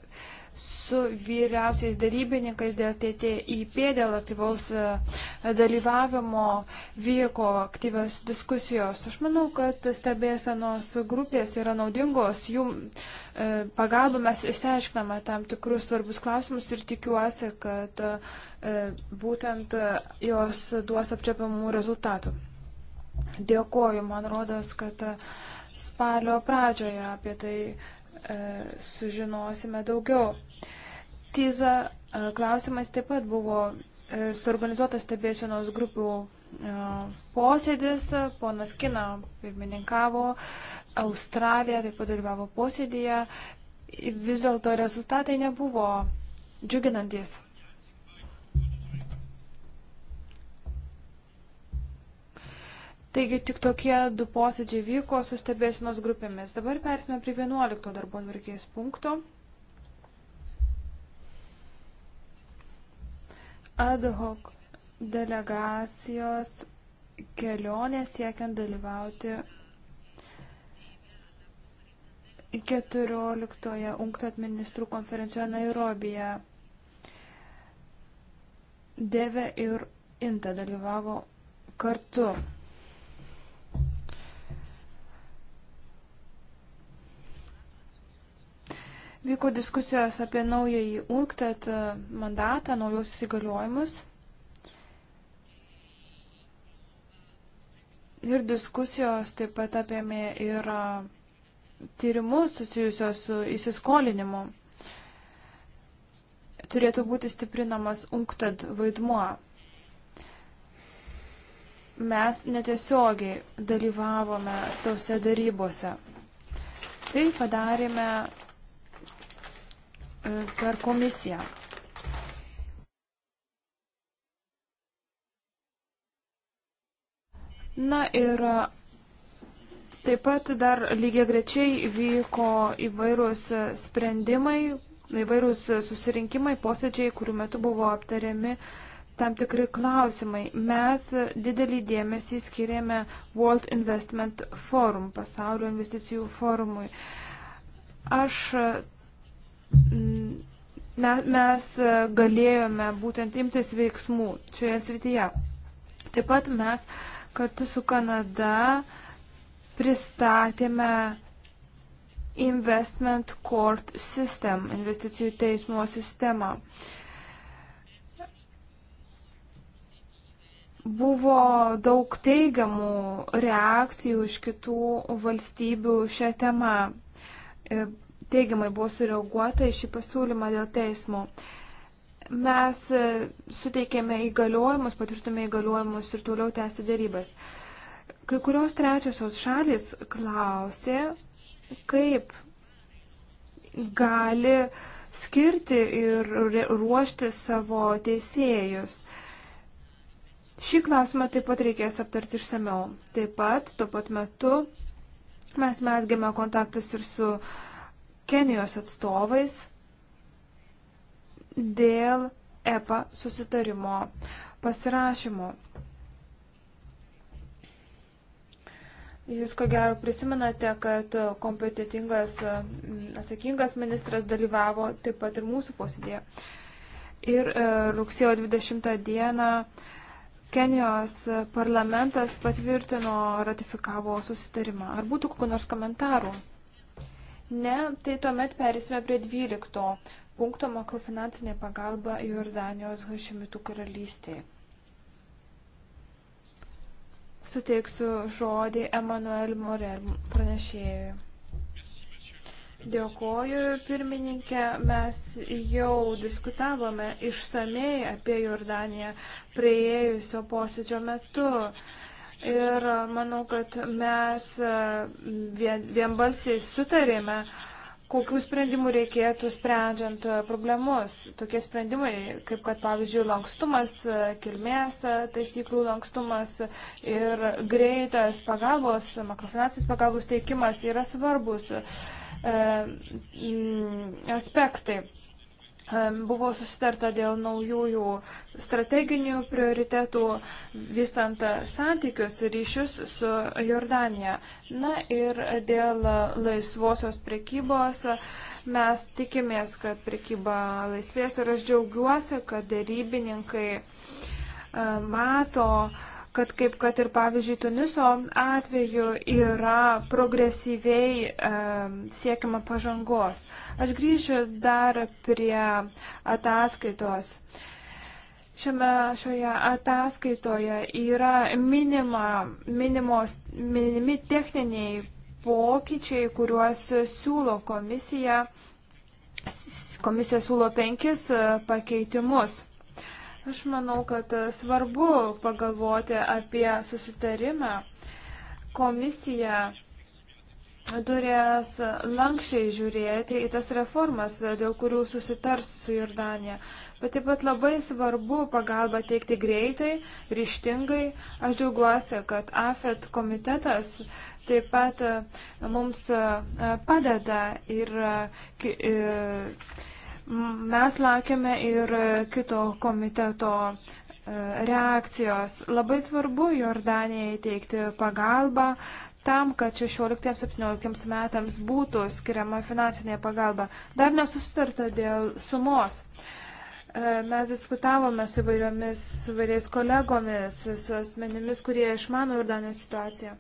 su vyriausiais darybininkais dėl TTIP, dėl aktyvaus e, dalyvavimo vyko aktyvios diskusijos. Aš manau, kad stebėsenos grupės yra naudingos, jų e, pagalba mes išsiaiškiname tam tikrus svarbus klausimus ir tikiuosi, kad e, būtent jos duos apčiapiamų rezultatų. Dėkoju, man rodos, kad uh, spalio pradžioje apie tai e, sužinosime daugiau. Tiza e, klausimas taip pat buvo e, suorganizuotas stebėsienos grupių e, posėdis. Ponas Kina pirmininkavo, Australija taip pat dalyvavo posėdėje. Vis dėlto rezultatai nebuvo džiuginantis. Taigi tik tokie du posėdžiai vyko su stebėsinos grupėmis. Dabar persime prie 11 darbo nurkės punkto. Ad hoc delegacijos kelionė siekiant dalyvauti 14-oje UNCTAD ministrų konferencijoje Nairobija. Deve ir Inta dalyvavo kartu. Vyko diskusijos apie naująjį UNCTAD e, mandatą, naujus įsigaliojimus. Ir diskusijos taip pat apėmė ir e, tyrimus susijusios su įsiskolinimu. Turėtų būti stiprinamas UNCTAD vaidmuo. Mes netiesiogiai dalyvavome tose darybose. Tai padarėme E, per komisiją. Na ir e, taip pat dar lygiai grečiai vyko įvairūs sprendimai, įvairūs susirinkimai, posėdžiai, kurių metu buvo aptariami tam tikri klausimai. Mes didelį dėmesį skiriame World Investment Forum, pasaulio investicijų forumui. Aš Mm, mes e, galėjome būtent imtis veiksmų šioje srityje. Taip pat mes kartu su Kanada pristatėme Investment Court System, investicijų teismo sistemą. Buvo daug teigiamų reakcijų iš kitų valstybių šią temą e, teigiamai buvo sureaguota į šį pasiūlymą dėl teismo. Mes e, suteikėme įgaliojimus, patvirtume įgaliojimus ir toliau tęsti dėrybas. Kai kurios trečiosios šalis klausė, kaip gali skirti ir ruošti savo teisėjus. Šį klausimą taip pat reikės aptarti išsameu. Taip pat, tuo pat metu, mes mesgėme kontaktus ir su uh, Kenijos atstovais dėl EPA susitarimo pasirašymo. Jūs ko gero prisimenate, kad kompetitingas, atsakingas ministras dalyvavo taip pat ir mūsų posėdėje. Ir e, rugsėjo 20 dieną Kenijos parlamentas patvirtino, ratifikavo susitarimą. Ar būtų kokių nors komentarų? Ne, tai tuomet perėsime prie 12 punkto makrofinansinė pagalba Jordanijos Hašimitų karalystėje. Suteiksiu žodį Emanuel Morel pranešėjui. Dėkoju, pirmininkė. Mes jau diskutavome išsamei apie Jordaniją prieėjusio posėdžio metu. Uh, Ir manau, kad mes e, vien, vienbalsiai sutarėme, kokių sprendimų reikėtų sprendžiant e, problemus. Tokie sprendimai, kaip kad pavyzdžiui lankstumas, e, kilmės taisyklių lankstumas ir greitas pagalbos, makrofinansinės pagalbos teikimas yra svarbus aspektai buvo susitarta dėl naujųjų strateginių prioritetų, vystant santykius ir ryšius su Jordanija. Na ir dėl laisvosios prekybos mes tikimės, kad prekyba laisvės ir aš džiaugiuosi, kad dėrybininkai mato, kad kaip kad ir pavyzdžiui Tuniso atveju yra progresyviai e, siekiama pažangos. Aš grįšiu dar prie ataskaitos. Šiame, šioje ataskaitoje yra minima, minimos, minimi techniniai pokyčiai, kuriuos siūlo komisija. Komisija siūlo penkis e, pakeitimus. Aš manau, kad e, svarbu pagalvoti apie susitarimą. Komisija turės lankščiai žiūrėti į tas reformas, e, dėl kurių susitars su Jordanija. Bet taip pat labai svarbu pagalbą teikti greitai, ryštingai. Aš džiaugiuosi, kad AFET komitetas taip pat e, mums padeda ir. ir Mes laukiame ir kito komiteto e, reakcijos. Labai svarbu Jordanijai teikti pagalbą tam, kad 16-17 metams būtų skiriama finansinė pagalba. Dar nesusitarta dėl sumos. E, mes diskutavome su įvairiomis, su vairiais kolegomis, su asmenimis, kurie išmano Jordanijos situaciją.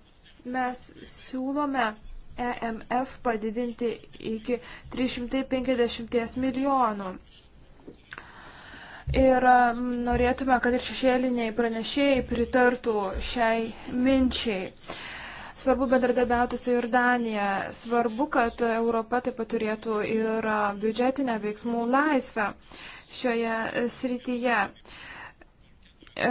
Mes siūlome EMF padidinti iki 350 milijonų. Ir mm, norėtume, kad ir šešėliniai pranešėjai pritartų šiai minčiai. Svarbu bendradarbiauti su Jordanija. Svarbu, kad Europa taip pat turėtų ir biudžetinę veiksmų laisvę šioje srityje e,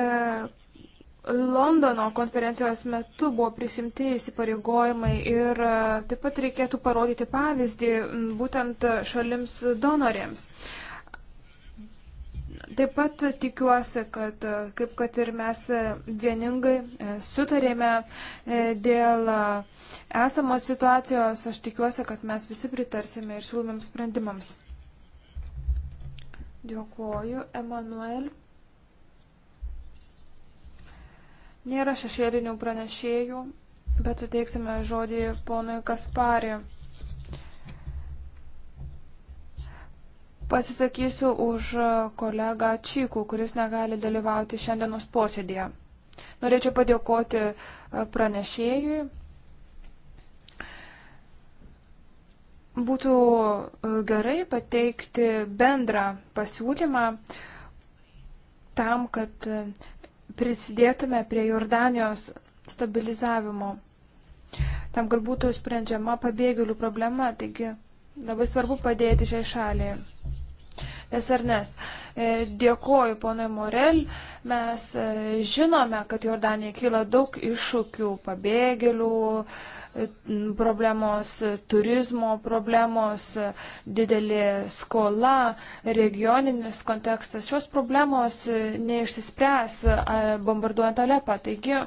Londono konferencijos metu buvo prisimti įsipareigojimai ir e, taip pat reikėtų parodyti pavyzdį būtent šalims donorėms. Taip pat tikiuosi, kad e, kaip kad ir mes e, vieningai sutarėme dėl esamos situacijos, aš tikiuosi, kad mes visi pritarsime ir siūlomiems sprendimams. Dėkuoju, Emanuel. Nėra šešėlinių pranešėjų, bet suteiksime žodį ponui Kaspari. Pasisakysiu už kolegą Čykų, kuris negali dalyvauti šiandienos posėdėje. Norėčiau padėkoti pranešėjui. Būtų gerai pateikti bendrą pasiūlymą tam, kad prisidėtume prie Jordanijos stabilizavimo, tam, kad būtų sprendžiama pabėgėlių problema, taigi labai svarbu padėti šiai šaliai. Nes ar nes, e, dėkoju ponui Morel, mes e, žinome, kad Jordanija kyla daug iššūkių pabėgėlių, problemos, turizmo problemos, didelė skola, regioninis kontekstas. Šios problemos neišsispręs bombarduojant Alepą. Taigi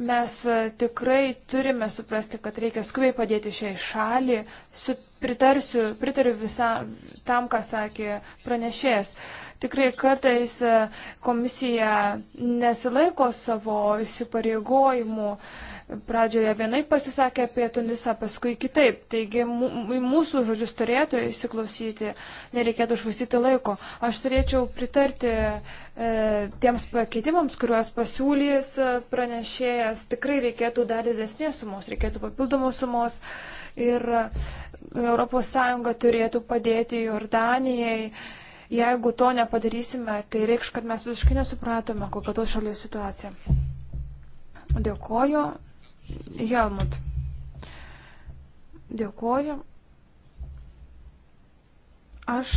mes tikrai turime suprasti, kad reikia skubiai padėti šiai šaliai. Pritarsiu, pritariu visam tam, ką sakė pranešėjas tikrai kartais komisija nesilaiko savo įsipareigojimų pradžioje vienai pasisakė apie Tunisą, paskui kitaip. Taigi mūsų žodžius turėtų įsiklausyti, nereikėtų švaistyti laiko. Aš turėčiau pritarti e, tiems pakeitimams, kuriuos pasiūlys pranešėjas. Tikrai reikėtų dar didesnės sumos, reikėtų papildomos sumos. Ir ES turėtų padėti Jordanijai. Jeigu to nepadarysime, tai reikš, kad mes visiškai nesupratome, kokia to šalies situacija. Dėkoju. Helmut. Dėkuoju. Aš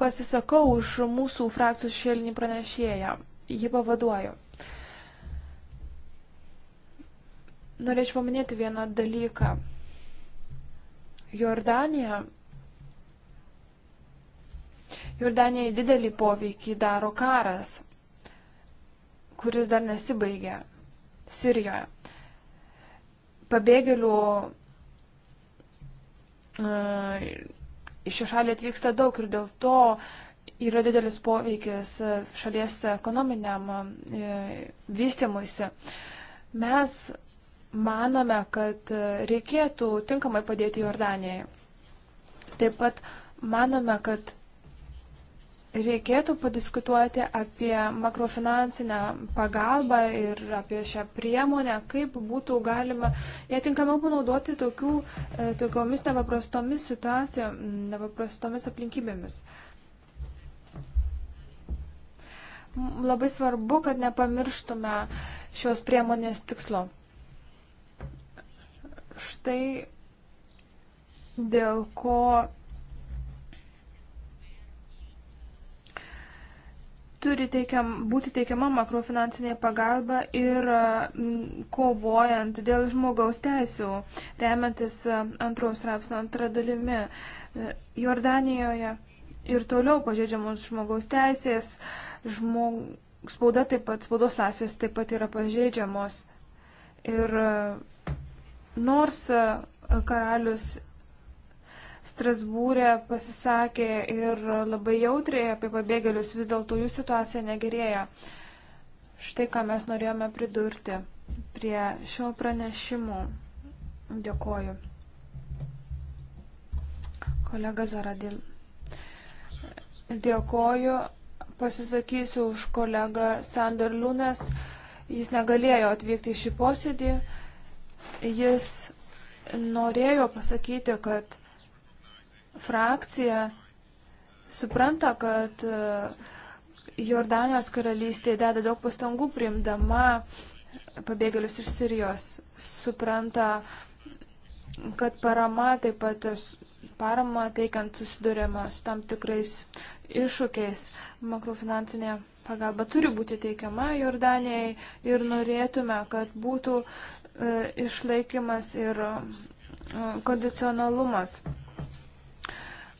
pasisakau už mūsų frakcijos šėlinį pranešėją. Jį pavaduoju. Norėčiau paminėti vieną dalyką. Jordanija. Jordanijai didelį poveikį daro karas, kuris dar nesibaigė Sirijoje. Pabėgėlių iš e, šią šalį atvyksta daug ir dėl to yra didelis poveikis e, šalies ekonominiam e, vystimuisi. Mes manome, kad reikėtų tinkamai padėti Jordanijai. Taip pat manome, kad Reikėtų padiskutuoti apie makrofinansinę pagalbą ir apie šią priemonę, kaip būtų galima ją tinkamiau panaudoti tokių, e, tokiomis nepaprastomis situacijomis, nepaprastomis aplinkybėmis. Labai svarbu, kad nepamirštume šios priemonės tikslo. Štai dėl ko turi teikiam, būti teikiama makrofinansinė pagalba ir kovojant dėl žmogaus teisų, remiantis antros rapsno antra dalimi. E, Jordanijoje ir toliau pažeidžiamos žmogaus teisės, žmog... spauda taip pat, spaudos laisvės taip pat yra pažeidžiamos. Ir nors karalius Strasbūrė pasisakė ir labai jautriai apie pabėgėlius, vis dėlto jų situacija negerėja. Štai ką mes norėjome pridurti prie šio pranešimo. Dėkoju. Kolega Zaradil. Dėkoju. Pasisakysiu už kolegą Sanderlūnas. Jis negalėjo atvykti į šį posėdį. Jis norėjo pasakyti, kad frakcija supranta, kad e, Jordanijos karalystė deda daug pastangų priimdama pabėgėlius iš Sirijos. Supranta, kad parama taip pat parama teikiant susidurėma su tam tikrais iššūkiais. Makrofinansinė pagalba turi būti teikiama Jordanijai ir norėtume, kad būtų e, išlaikimas ir e, kondicionalumas. E,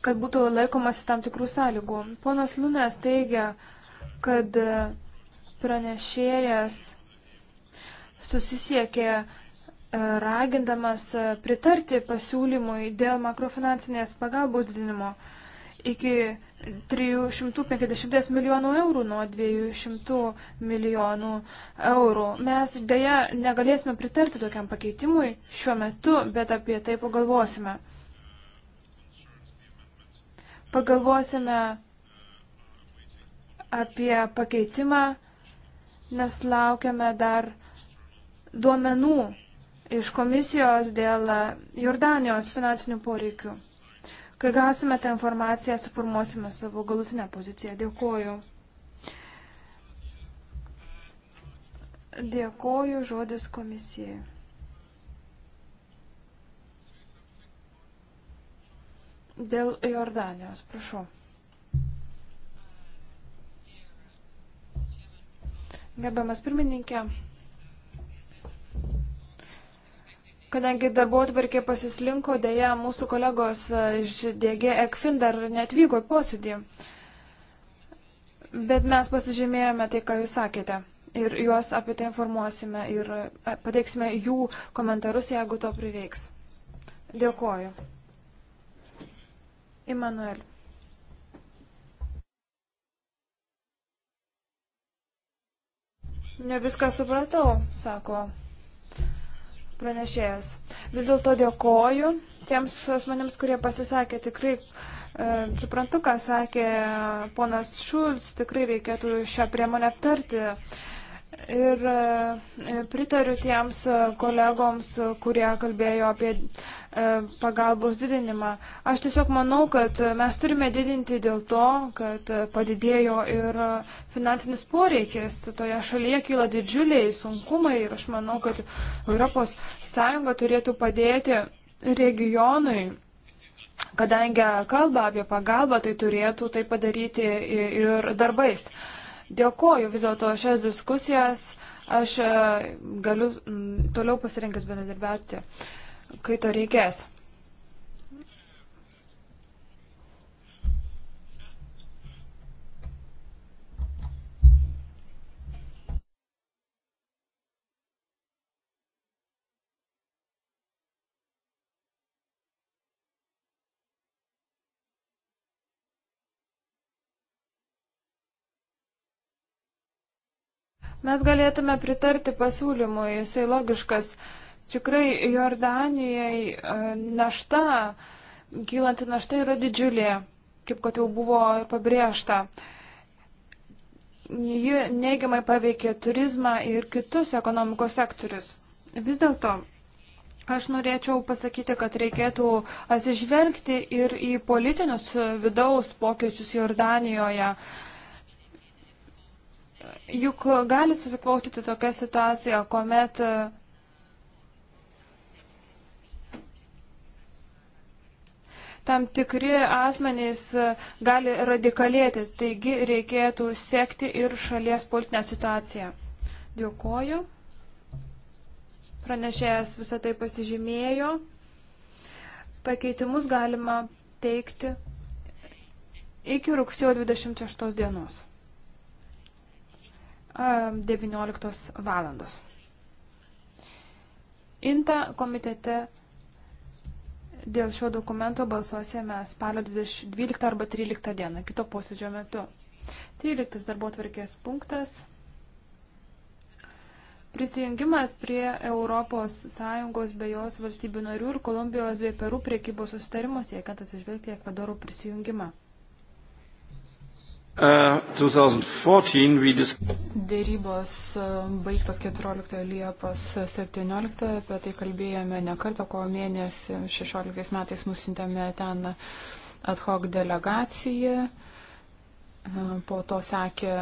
kad būtų laikomasi tam tikrų sąlygų. Ponas Lunės teigia, kad pranešėjas susisiekė e, ragindamas pritarti pasiūlymui dėl makrofinansinės pagalbos didinimo iki 350 milijonų eurų nuo 200 milijonų eurų. Mes dėja negalėsime pritarti tokiam pakeitimui šiuo metu, bet apie tai pagalvosime. Pagalvosime apie pakeitimą, nes laukiame dar duomenų iš komisijos dėl Jordanijos finansinių poreikių. Kai gausime tą informaciją, suformuosime savo galutinę poziciją. Dėkuoju. Dėkuoju žodis komisijai. Dėl Jordanijos, prašau. Gerbiamas pirmininkė, kadangi darbo atvarkė pasislinko, dėja mūsų kolegos iš DG ECFIN dar netvyko į posėdį, bet mes pasižymėjome tai, ką jūs sakėte ir juos apie tai informuosime ir e, pateiksime jų komentarus, jeigu to prireiks. Dėkuoju. Immanuel. Ne viską supratau, sako pranešėjas. Vis dėlto dėkoju tiems asmenims, kurie pasisakė. Tikrai e, suprantu, ką sakė ponas Šulc, tikrai reikėtų šią priemonę aptarti. E, Ir e, pritariu tiems e, kolegoms, kurie kalbėjo apie e, pagalbos didinimą. Aš tiesiog manau, kad mes turime didinti dėl to, kad padidėjo ir finansinis poreikis. Toje šalyje kyla didžiuliai sunkumai ir aš manau, kad ES turėtų padėti regionui. Kadangi kalba apie pagalbą, tai turėtų tai padaryti ir darbais. Uh, Dėkoju vis dėlto šias diskusijas. Aš e, galiu toliau pasirinkęs bendradarbiauti, kai to reikės. Mes galėtume pritarti pasiūlymui, jisai logiškas. Tikrai Jordanijai e, našta, kylanti našta yra didžiulė, kaip kad jau buvo pabrėžta. Ji neigiamai paveikė turizmą ir kitus ekonomikos sektorius. Vis dėlto Aš norėčiau pasakyti, kad reikėtų atsižvelgti ir į politinius vidaus pokyčius Jordanijoje juk gali susiklaustyti tokia situacija, kuomet e, tam tikri asmenys e, gali radikalėti, taigi reikėtų sekti ir šalies politinę situaciją. Dėkoju. Pranešėjas visą tai pasižymėjo. Pakeitimus galima teikti iki rugsėjo 26 dienos. 19 valandos. Inta komitete dėl šio dokumento balsuosime spalio 12 arba 13 dieną, kito posėdžio metu. 13 darbo tvarkės punktas. Prisijungimas prie ES bei jos valstybių narių ir Kolumbijos bei Perų priekybos susitarimo siekiant atsižvelgti Ekvadoro prisijungimą. Uh, 2014 we Dėrybos uh, baigtos 14 Liepos 17, apie tai kalbėjome ne kartą, kovo mėnesį 16 metais nusintėme ten ad hoc delegaciją, uh, po to sekė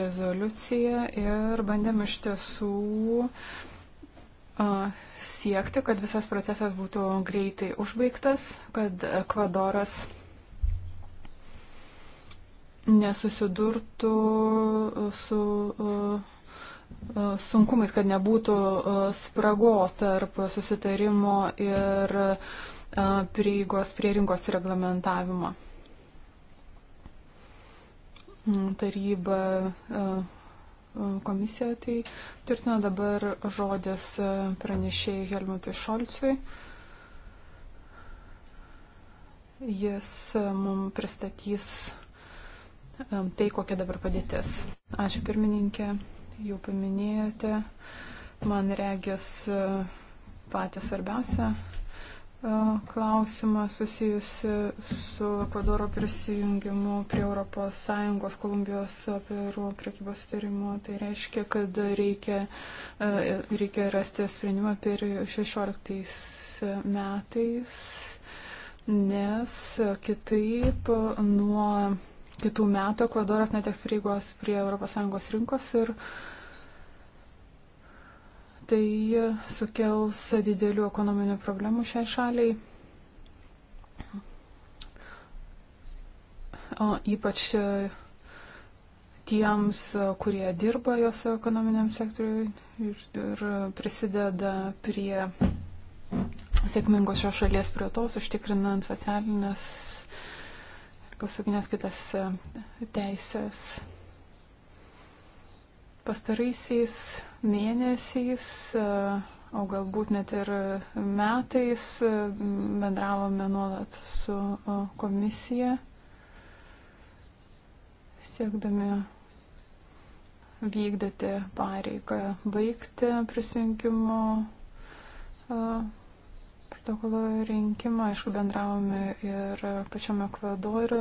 rezoliucija ir bandėm iš tiesų uh, siekti, kad visas procesas būtų greitai užbaigtas, kad Ekvadoras nesusidurtų e, su e, e, sunkumais, kad nebūtų spragos tarp susitarimo ir prieigos prie rinkos reglamentavimo. Mm, taryba komisija tai tvirtina dabar žodis pranešėjai Helmutui Šolcui. Jis mums pristatys tai, kokia dabar padėtis. Ačiū pirmininkė, jau paminėjote, man regis e, patį svarbiausią e, klausimą susijusi su Ekvadoro prisijungimu prie ES Kolumbijos e, Peru priekybos tyrimo. Tai reiškia, kad reikia, reikia rasti sprendimą per 16 metais, nes kitaip nuo kitų metų Ekvadoras neteks prieigos prie ES rinkos ir tai sukels didelių ekonominių problemų šiai šaliai. O ypač tiems, kurie dirba jos ekonominiam sektoriui ir, ir prisideda prie sėkmingos šios šalies prie tos, užtikrinant socialinės apsauginės kitas e, teisės. Pastaraisiais mėnesiais, e, o galbūt net ir metais e, bendravome nuolat su komisija, siekdami vykdyti pareigą baigti prisijungimo protokolo rinkimą. Aišku, bendravome ir pačiame Ekvadore,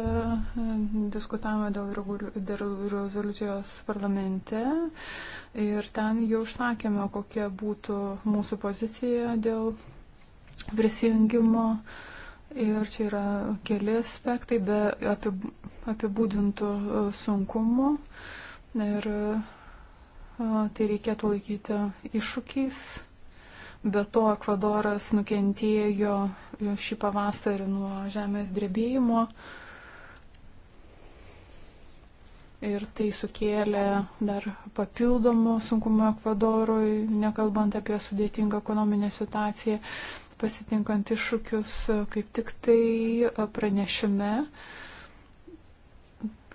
diskutavome dėl, dėl rezoliucijos parlamente ir ten jau užsakėme, kokia būtų mūsų pozicija dėl prisijungimo. Ir čia yra keli aspektai, be apibūdintų e, sunkumų. Ir e, tai reikėtų laikyti iššūkiais Be to, Ekvadoras nukentėjo šį pavasarį nuo žemės drebėjimo ir tai sukėlė dar papildomų sunkumų Ekvadorui, nekalbant apie sudėtingą ekonominę situaciją, pasitinkant iššūkius, kaip tik tai pranešime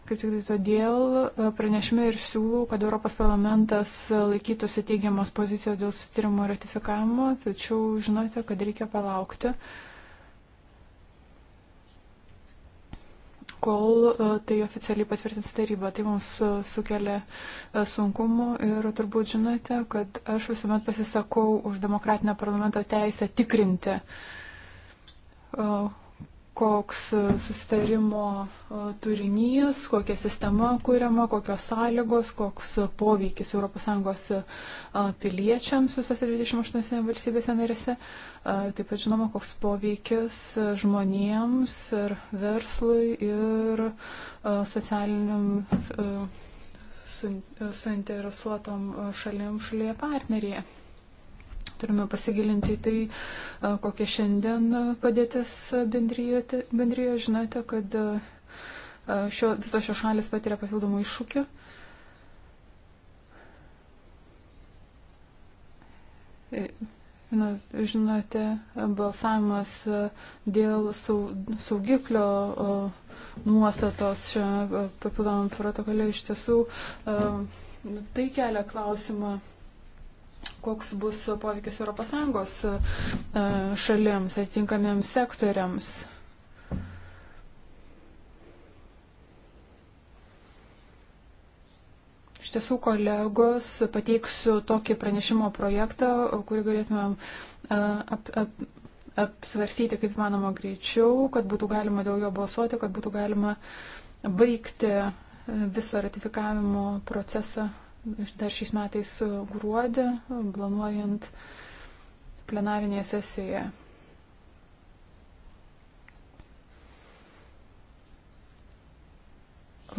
Kaip tik tai todėl e, pranešime ir siūlau, kad Europos parlamentas laikytųsi teigiamos pozicijos dėl sutarimo ratifikavimo, tačiau žinote, kad reikia palaukti, kol e, tai oficialiai patvirtins taryba. Tai mums e, sukelia sunkumų ir turbūt žinote, kad aš visuomet pasisakau už demokratinę parlamento teisę tikrinti koks e, susitarimo e, turinys, kokia sistema kuriama, kokios sąlygos, koks poveikis ES e, piliečiams visose 28 valstybėse narėse. Taip pat žinoma, koks poveikis žmonėms ir verslui ir socialiniam suinteresuotom šalim šalyje partnerėje turime pasigilinti į tai, kokia šiandien padėtis bendryje. bendryje. Žinote, kad šio, visos šios šalis patiria papildomų iššūkių. Žinote, balsavimas dėl saugiklio nuostatos šiame papildomam protokole iš tiesų tai kelia klausimą koks bus poveikis ES e, šalims, atitinkamiems sektoriams. Iš tiesų, kolegos, pateiksiu tokį pranešimo projektą, kurį galėtumėm e, ap, ap, apsvarstyti kaip manoma greičiau, kad būtų galima dėl jo balsuoti, kad būtų galima baigti e, visą ratifikavimo procesą dar šiais metais gruodį, planuojant plenarinėje sesijoje.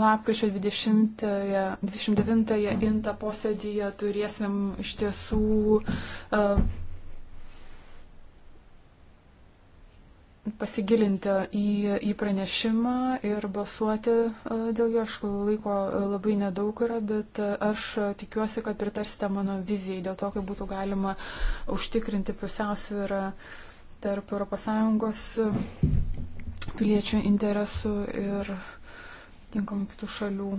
Lapkričio 29-ąją intą posėdyje turėsim iš tiesų uh, pasigilinti į, į pranešimą ir balsuoti e, dėl jo. Aš laiko e, labai nedaug yra, bet e, aš tikiuosi, kad pritarsite mano vizijai dėl to, kaip būtų galima užtikrinti pusiausvyrą tarp ES piliečių interesų ir tinkamų kitų šalių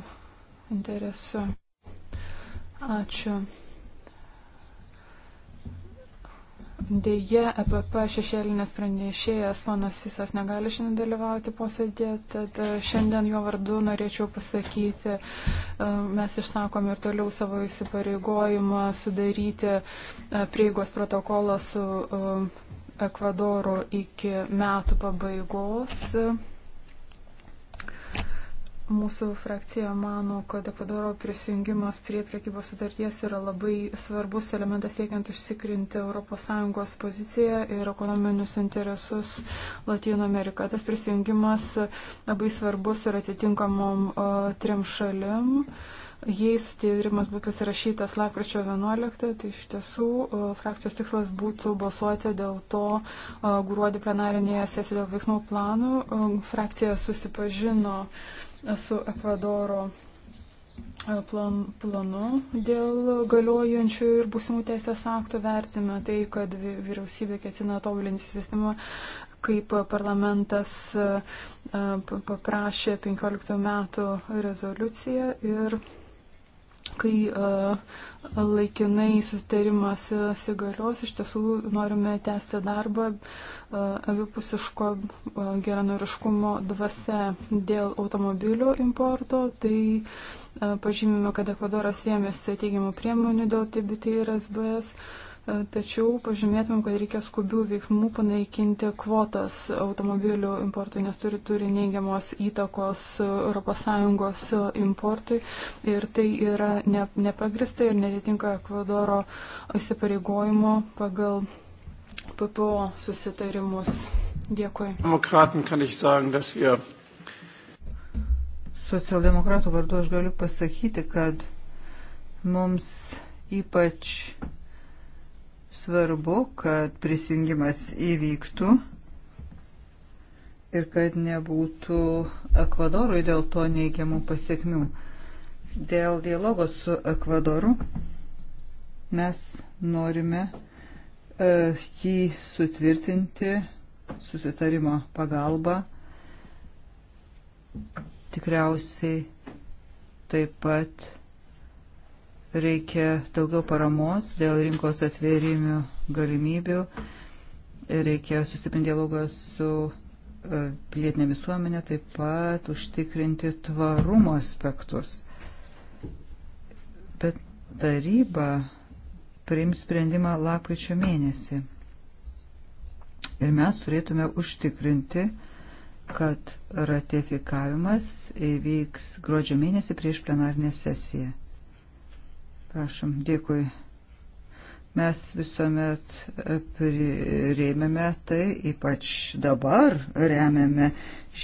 interesų. Ačiū. Deja, EPP šešėlinės pranešėjas ponas Fisas negali šiandien dalyvauti posėdėje, tad e, šiandien jo vardu norėčiau pasakyti, e, mes išsakom ir toliau savo įsipareigojimą sudaryti e, prieigos protokolą su Ekvadoru iki metų pabaigos. Mūsų frakcija mano, kad Ekvadoro prisijungimas prie priekybos sutarties yra labai svarbus elementas siekiant užsikrinti ES poziciją ir ekonominius interesus Latino Ameriką. Tas prisijungimas labai svarbus ir atitinkamom o, trim šalim. Jei sutėrimas būtų pasirašytas lakryčio 11, tai iš tiesų frakcijos tikslas būtų balsuoti dėl to gruodį plenarinėje sesijoje dėl veiksmų planų. Frakcija susipažino uh, su Ekvadoro e, plan, planu dėl galiojančių ir būsimų teisės aktų vertina tai, kad vyriausybė ketina tobulinti sistemą, kaip parlamentas e, e, paprašė 15 metų rezoliuciją ir kai e, laikinai sustarimas e, įsigalios, iš tiesų norime tęsti darbą e, abipusiško geranoriškumo dvasia dėl automobilių importo. Tai pažymime, kad Ekvadoras ėmėsi teigiamų priemonių dėl TBT ir SBS tačiau pažymėtumėm, kad reikia skubių veiksmų panaikinti kvotas automobilių importui, nes turi, turi neigiamos įtakos ES importui ir tai yra ne, nepagrista ir netitinka Ekvadoro įsipareigojimo pagal PPO susitarimus. Dėkui. Socialdemokratų vardu aš galiu pasakyti, kad mums ypač svarbu, kad prisijungimas įvyktų ir kad nebūtų Ekvadorui dėl to neigiamų pasiekmių. Dėl dialogo su Ekvadoru mes norime uh, jį sutvirtinti susitarimo pagalba. Tikriausiai taip pat Reikia daugiau paramos dėl rinkos atvėrimių galimybių. Reikia sustiprinti dialogą su e, pilietinė visuomenė, taip pat užtikrinti tvarumo aspektus. Bet taryba priims sprendimą lapkričio mėnesį. Ir mes turėtume užtikrinti, kad ratifikavimas įvyks gruodžio mėnesį prieš plenarinę sesiją. Prašom, dėkui. Mes visuomet e, rėmėme tai, ypač dabar remiame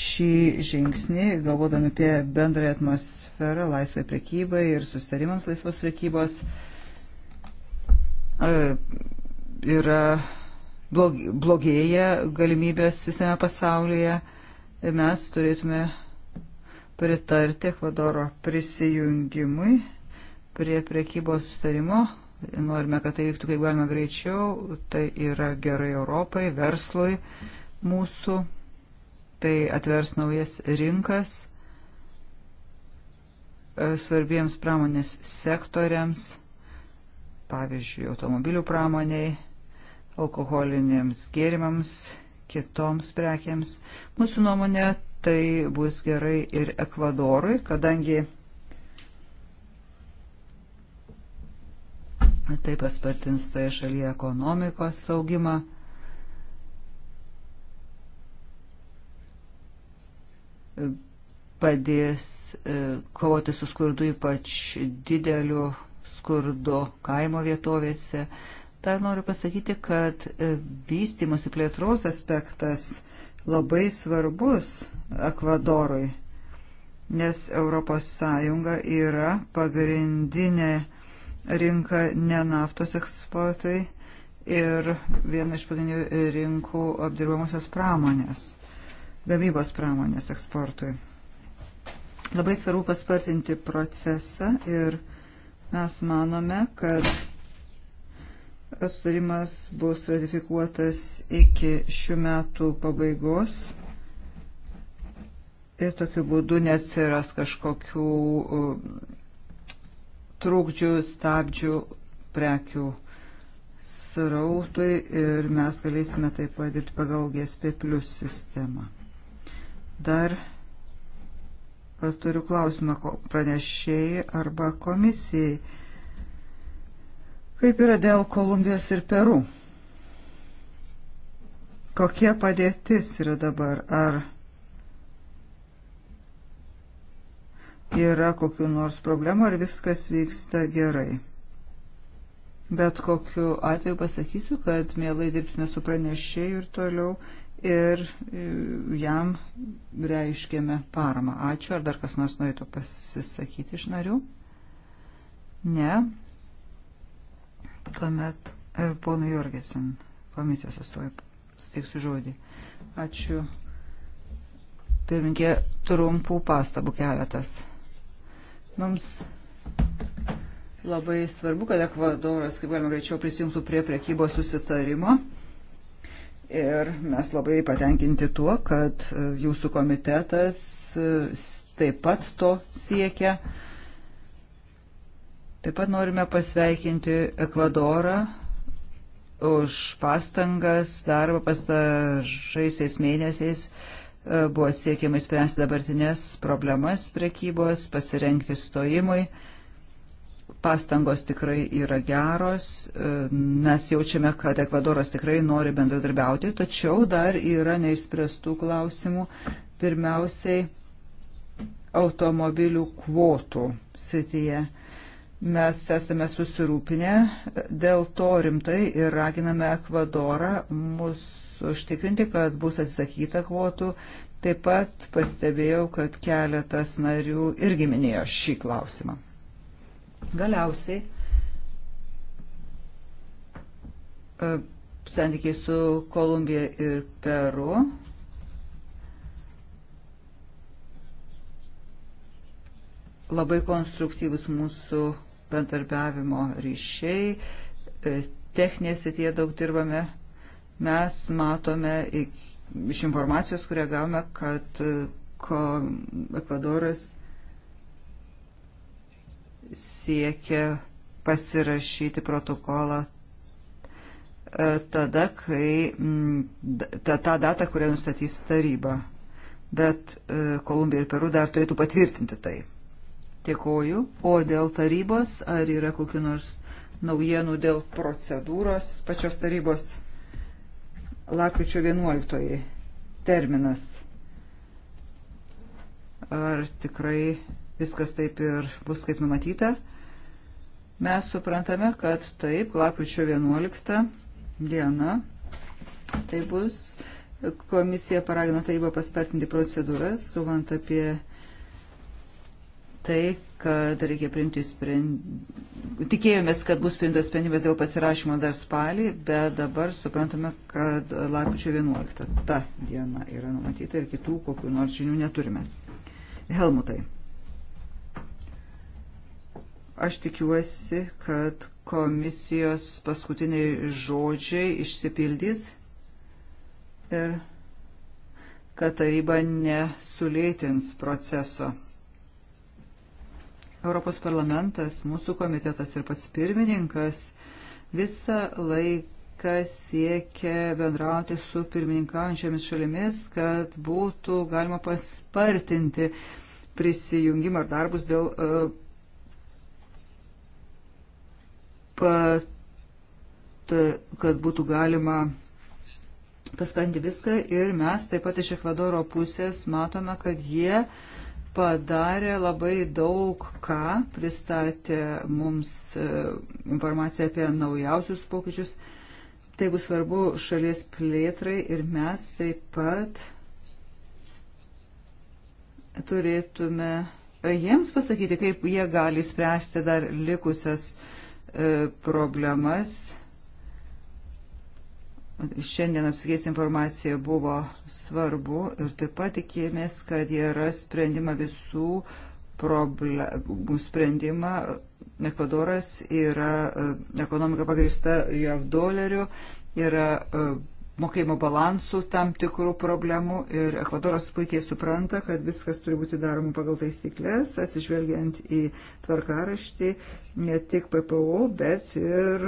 šį žingsnį, galvodami apie bendrąją atmosferą laisvai prekybai ir sustarimams laisvos prekybos. E, yra blogėja galimybės visame pasaulyje. Mes turėtume pritarti Ekvadoro prisijungimui prie priekybos sustarimo. Norime, kad tai vyktų kaip galima greičiau. Tai yra gerai Europai, verslui mūsų. Tai atvers naujas rinkas e, svarbiems pramonės sektoriams, pavyzdžiui, automobilių pramoniai, alkoholiniams gėrimams, kitoms prekiams. Mūsų nuomonė tai bus gerai ir Ekvadorui, kadangi tai paspartins toje šalyje ekonomikos saugimą. Padės e, kovoti su skurdu ypač dideliu skurdu kaimo vietovėse. Tai noriu pasakyti, kad e, vystimosi plėtros aspektas labai svarbus Ekvadorui, nes ES yra pagrindinė rinka ne naftos eksportui ir viena iš pagrindinių rinkų apdirbamosios pramonės, gamybos pramonės eksportui. Labai svarbu paspartinti procesą ir mes manome, kad sutarimas bus ratifikuotas iki šių metų pabaigos ir tokiu būdu neatsiras kažkokių trūkdžių, stabdžių prekių srautui ir mes galėsime taip pat dirbti pagal GSP plus sistemą. Dar turiu klausimą pranešėjai arba komisijai. Kaip yra dėl Kolumbijos ir Peru? Kokia padėtis yra dabar? Ar yra kokiu nors problemu, ar viskas vyksta gerai. Bet kokiu atveju pasakysiu, kad mielai dirbsime su pranešėju ir toliau ir e, jam reiškėme paramą. Ačiū. Ar dar kas nors norėtų pasisakyti iš narių? Ne. Tuomet e, pono Jorgesin, komisijos atstovai, suteiksiu žodį. Ačiū. Pirminkė, trumpų pastabų keletas. Mums labai svarbu, kad Ekvadoras, kaip galima greičiau, prisijungtų prie prekybos susitarimo. Ir mes labai patenkinti tuo, kad e, jūsų komitetas e, taip pat to siekia. Taip pat norime pasveikinti Ekvadorą už pastangas darbą pastaraisiais mėnesiais E, buvo siekiama išspręsti dabartinės problemas prekybos, pasirenkti stojimui. Pastangos tikrai yra geros, e, mes jaučiame, kad Ekvadoras tikrai nori bendradarbiauti, tačiau dar yra neišspręstų klausimų. Pirmiausiai automobilių kvotų srityje. Mes esame susirūpinę dėl to rimtai ir raginame Ekvadorą mus užtikrinti, kad bus atsisakyta kvotų. Taip pat pastebėjau, kad keletas narių irgi minėjo šį klausimą. Galiausiai e, santykiai su Kolumbija ir Peru. Labai konstruktyvus mūsų bendarbiavimo ryšiai. E, Techninės atėje daug dirbame Mes matome iš informacijos, kurią gavome, kad e, Ekvadoras siekia pasirašyti protokolą e, tada, kai tą ta, ta datą, kurią nustatys taryba. Bet e, Kolumbija ir Peru dar turėtų patvirtinti tai. Dėkoju. O dėl tarybos, ar yra kokiu nors naujienų dėl procedūros pačios tarybos? Lakryčio 11 terminas. Ar tikrai viskas taip ir bus kaip numatyta? Mes suprantame, kad taip, lapkričio 11 diena tai bus. Komisija paragino tarybą paspartinti procedūras, galvant apie tai, kad reikia priimti sprendimą. Tikėjomės, kad bus priimtas sprendimas dėl pasirašymo dar spalį, bet dabar suprantame, kad lapkričio 11 ta diena yra numatyta ir kitų kokių nors žinių neturime. Helmutai. Aš tikiuosi, kad komisijos paskutiniai žodžiai išsipildys ir kad taryba nesulėtins proceso. Europos parlamentas, mūsų komitetas ir pats pirmininkas visą laiką siekia bendrauti su pirmininkaujančiamis šalimis, kad būtų galima paspartinti prisijungimą ar darbus dėl uh, pat, kad būtų galima paspartinti viską ir mes taip pat iš Ekvadoro pusės matome, kad jie uh, padarė labai daug ką, pristatė mums e, informaciją apie naujausius pokyčius. Tai bus svarbu šalies plėtrai ir mes taip pat turėtume jiems pasakyti, kaip jie gali spręsti dar likusias e, problemas šiandien apsikeisti informacija buvo svarbu ir taip pat tikėjomės, kad jie ras sprendimą visų problemų sprendimą. Ekvadoras yra e, ekonomika pagrįsta JAV doleriu, yra e, mokėjimo balansų tam tikrų problemų ir Ekvadoras puikiai supranta, kad viskas turi būti daroma pagal taisyklės, atsižvelgiant į tvarkaraštį ne tik PPO, bet ir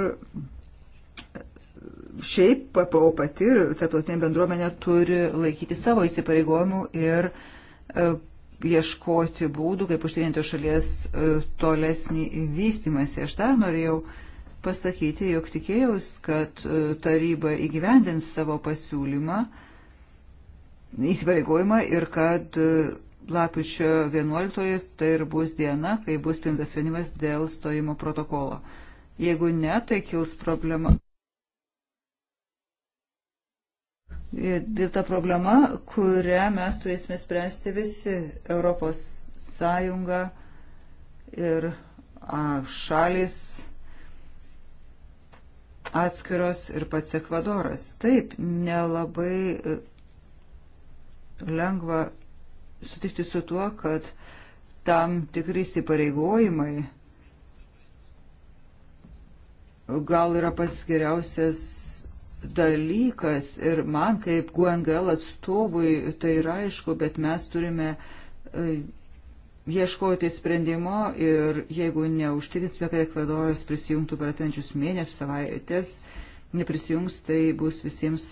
šiaip PPO pati ir tarptautinė bendruomenė turi laikyti savo įsipareigojimų ir e, ieškoti būdų, kaip užtikrinti šalies e, tolesnį vystimąsi. Aš dar norėjau pasakyti, jog tikėjaus, kad e, taryba įgyvendins savo pasiūlymą, įsipareigojimą ir kad lapkričio 11 tai ir bus diena, kai bus priimtas sprendimas dėl stojimo protokolo. Jeigu ne, tai kils problema. Ir ta problema, kurią mes turėsime spręsti visi Europos Sąjunga ir a, šalis atskiros ir pats Ekvadoras. Taip, nelabai e, lengva sutikti su tuo, kad tam tikri įsipareigojimai gal yra pats geriausias dalykas ir man kaip GUNGL atstovui tai yra aišku, bet mes turime e, ieškoti sprendimo ir jeigu neužtikrinsime, kad Ekvadoras prisijungtų per atinčius mėnesius, savaitės, neprisijungs, tai bus visiems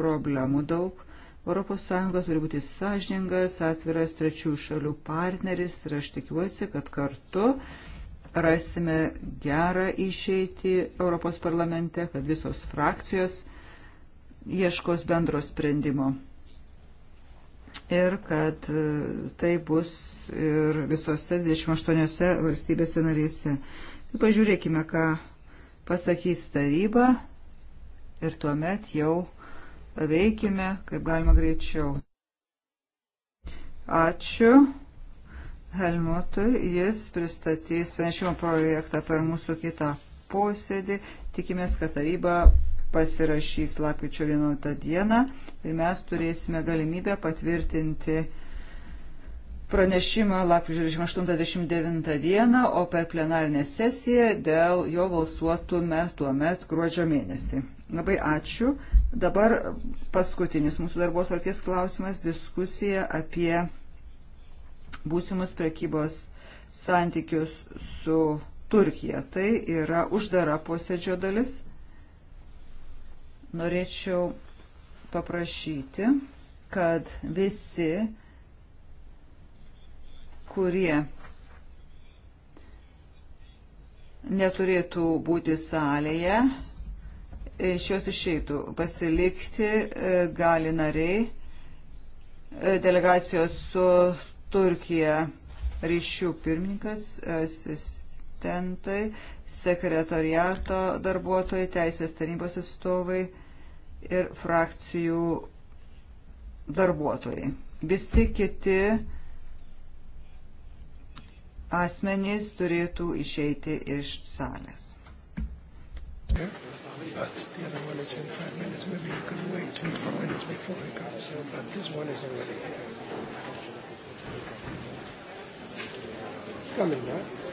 problemų daug. ES turi būti sąžiningas, atviras trečių šalių partneris ir aš tikiuosi, kad kartu uh, rasime gerą išeitį Europos parlamente, kad visos frakcijos ieškos bendro sprendimo. Ir kad e, tai bus ir visose 28 valstybėse narėse. Tai pažiūrėkime, ką pasakys taryba ir tuomet jau veikime kaip galima greičiau. Ačiū. Helmutui. Jis pristatys pranešimo projektą per mūsų kitą posėdį. Tikimės, kad taryba pasirašys lapkričio 11 dieną ir mes turėsime galimybę patvirtinti pranešimą lapkričio 89 dieną, o per plenarinę sesiją dėl jo balsuotume tuo met gruodžio mėnesį. Labai ačiū. Dabar paskutinis mūsų darbo tvarkės klausimas - diskusija apie būsimus prekybos santykius su Turkija. Tai yra uždara posėdžio dalis. Norėčiau paprašyti, kad visi, kurie neturėtų būti salėje, iš jos išeitų. Pasilikti e, gali nariai e, delegacijos su Turkija ryšių pirmininkas, asistentai, sekretariato darbuotojai, teisės tarnybos atstovai ir frakcijų darbuotojai. Visi kiti asmenys turėtų išeiti iš salės. Okay. But the other one is in five minutes. Maybe you can wait two, four minutes before he comes in. But this one is already here. It's coming, right?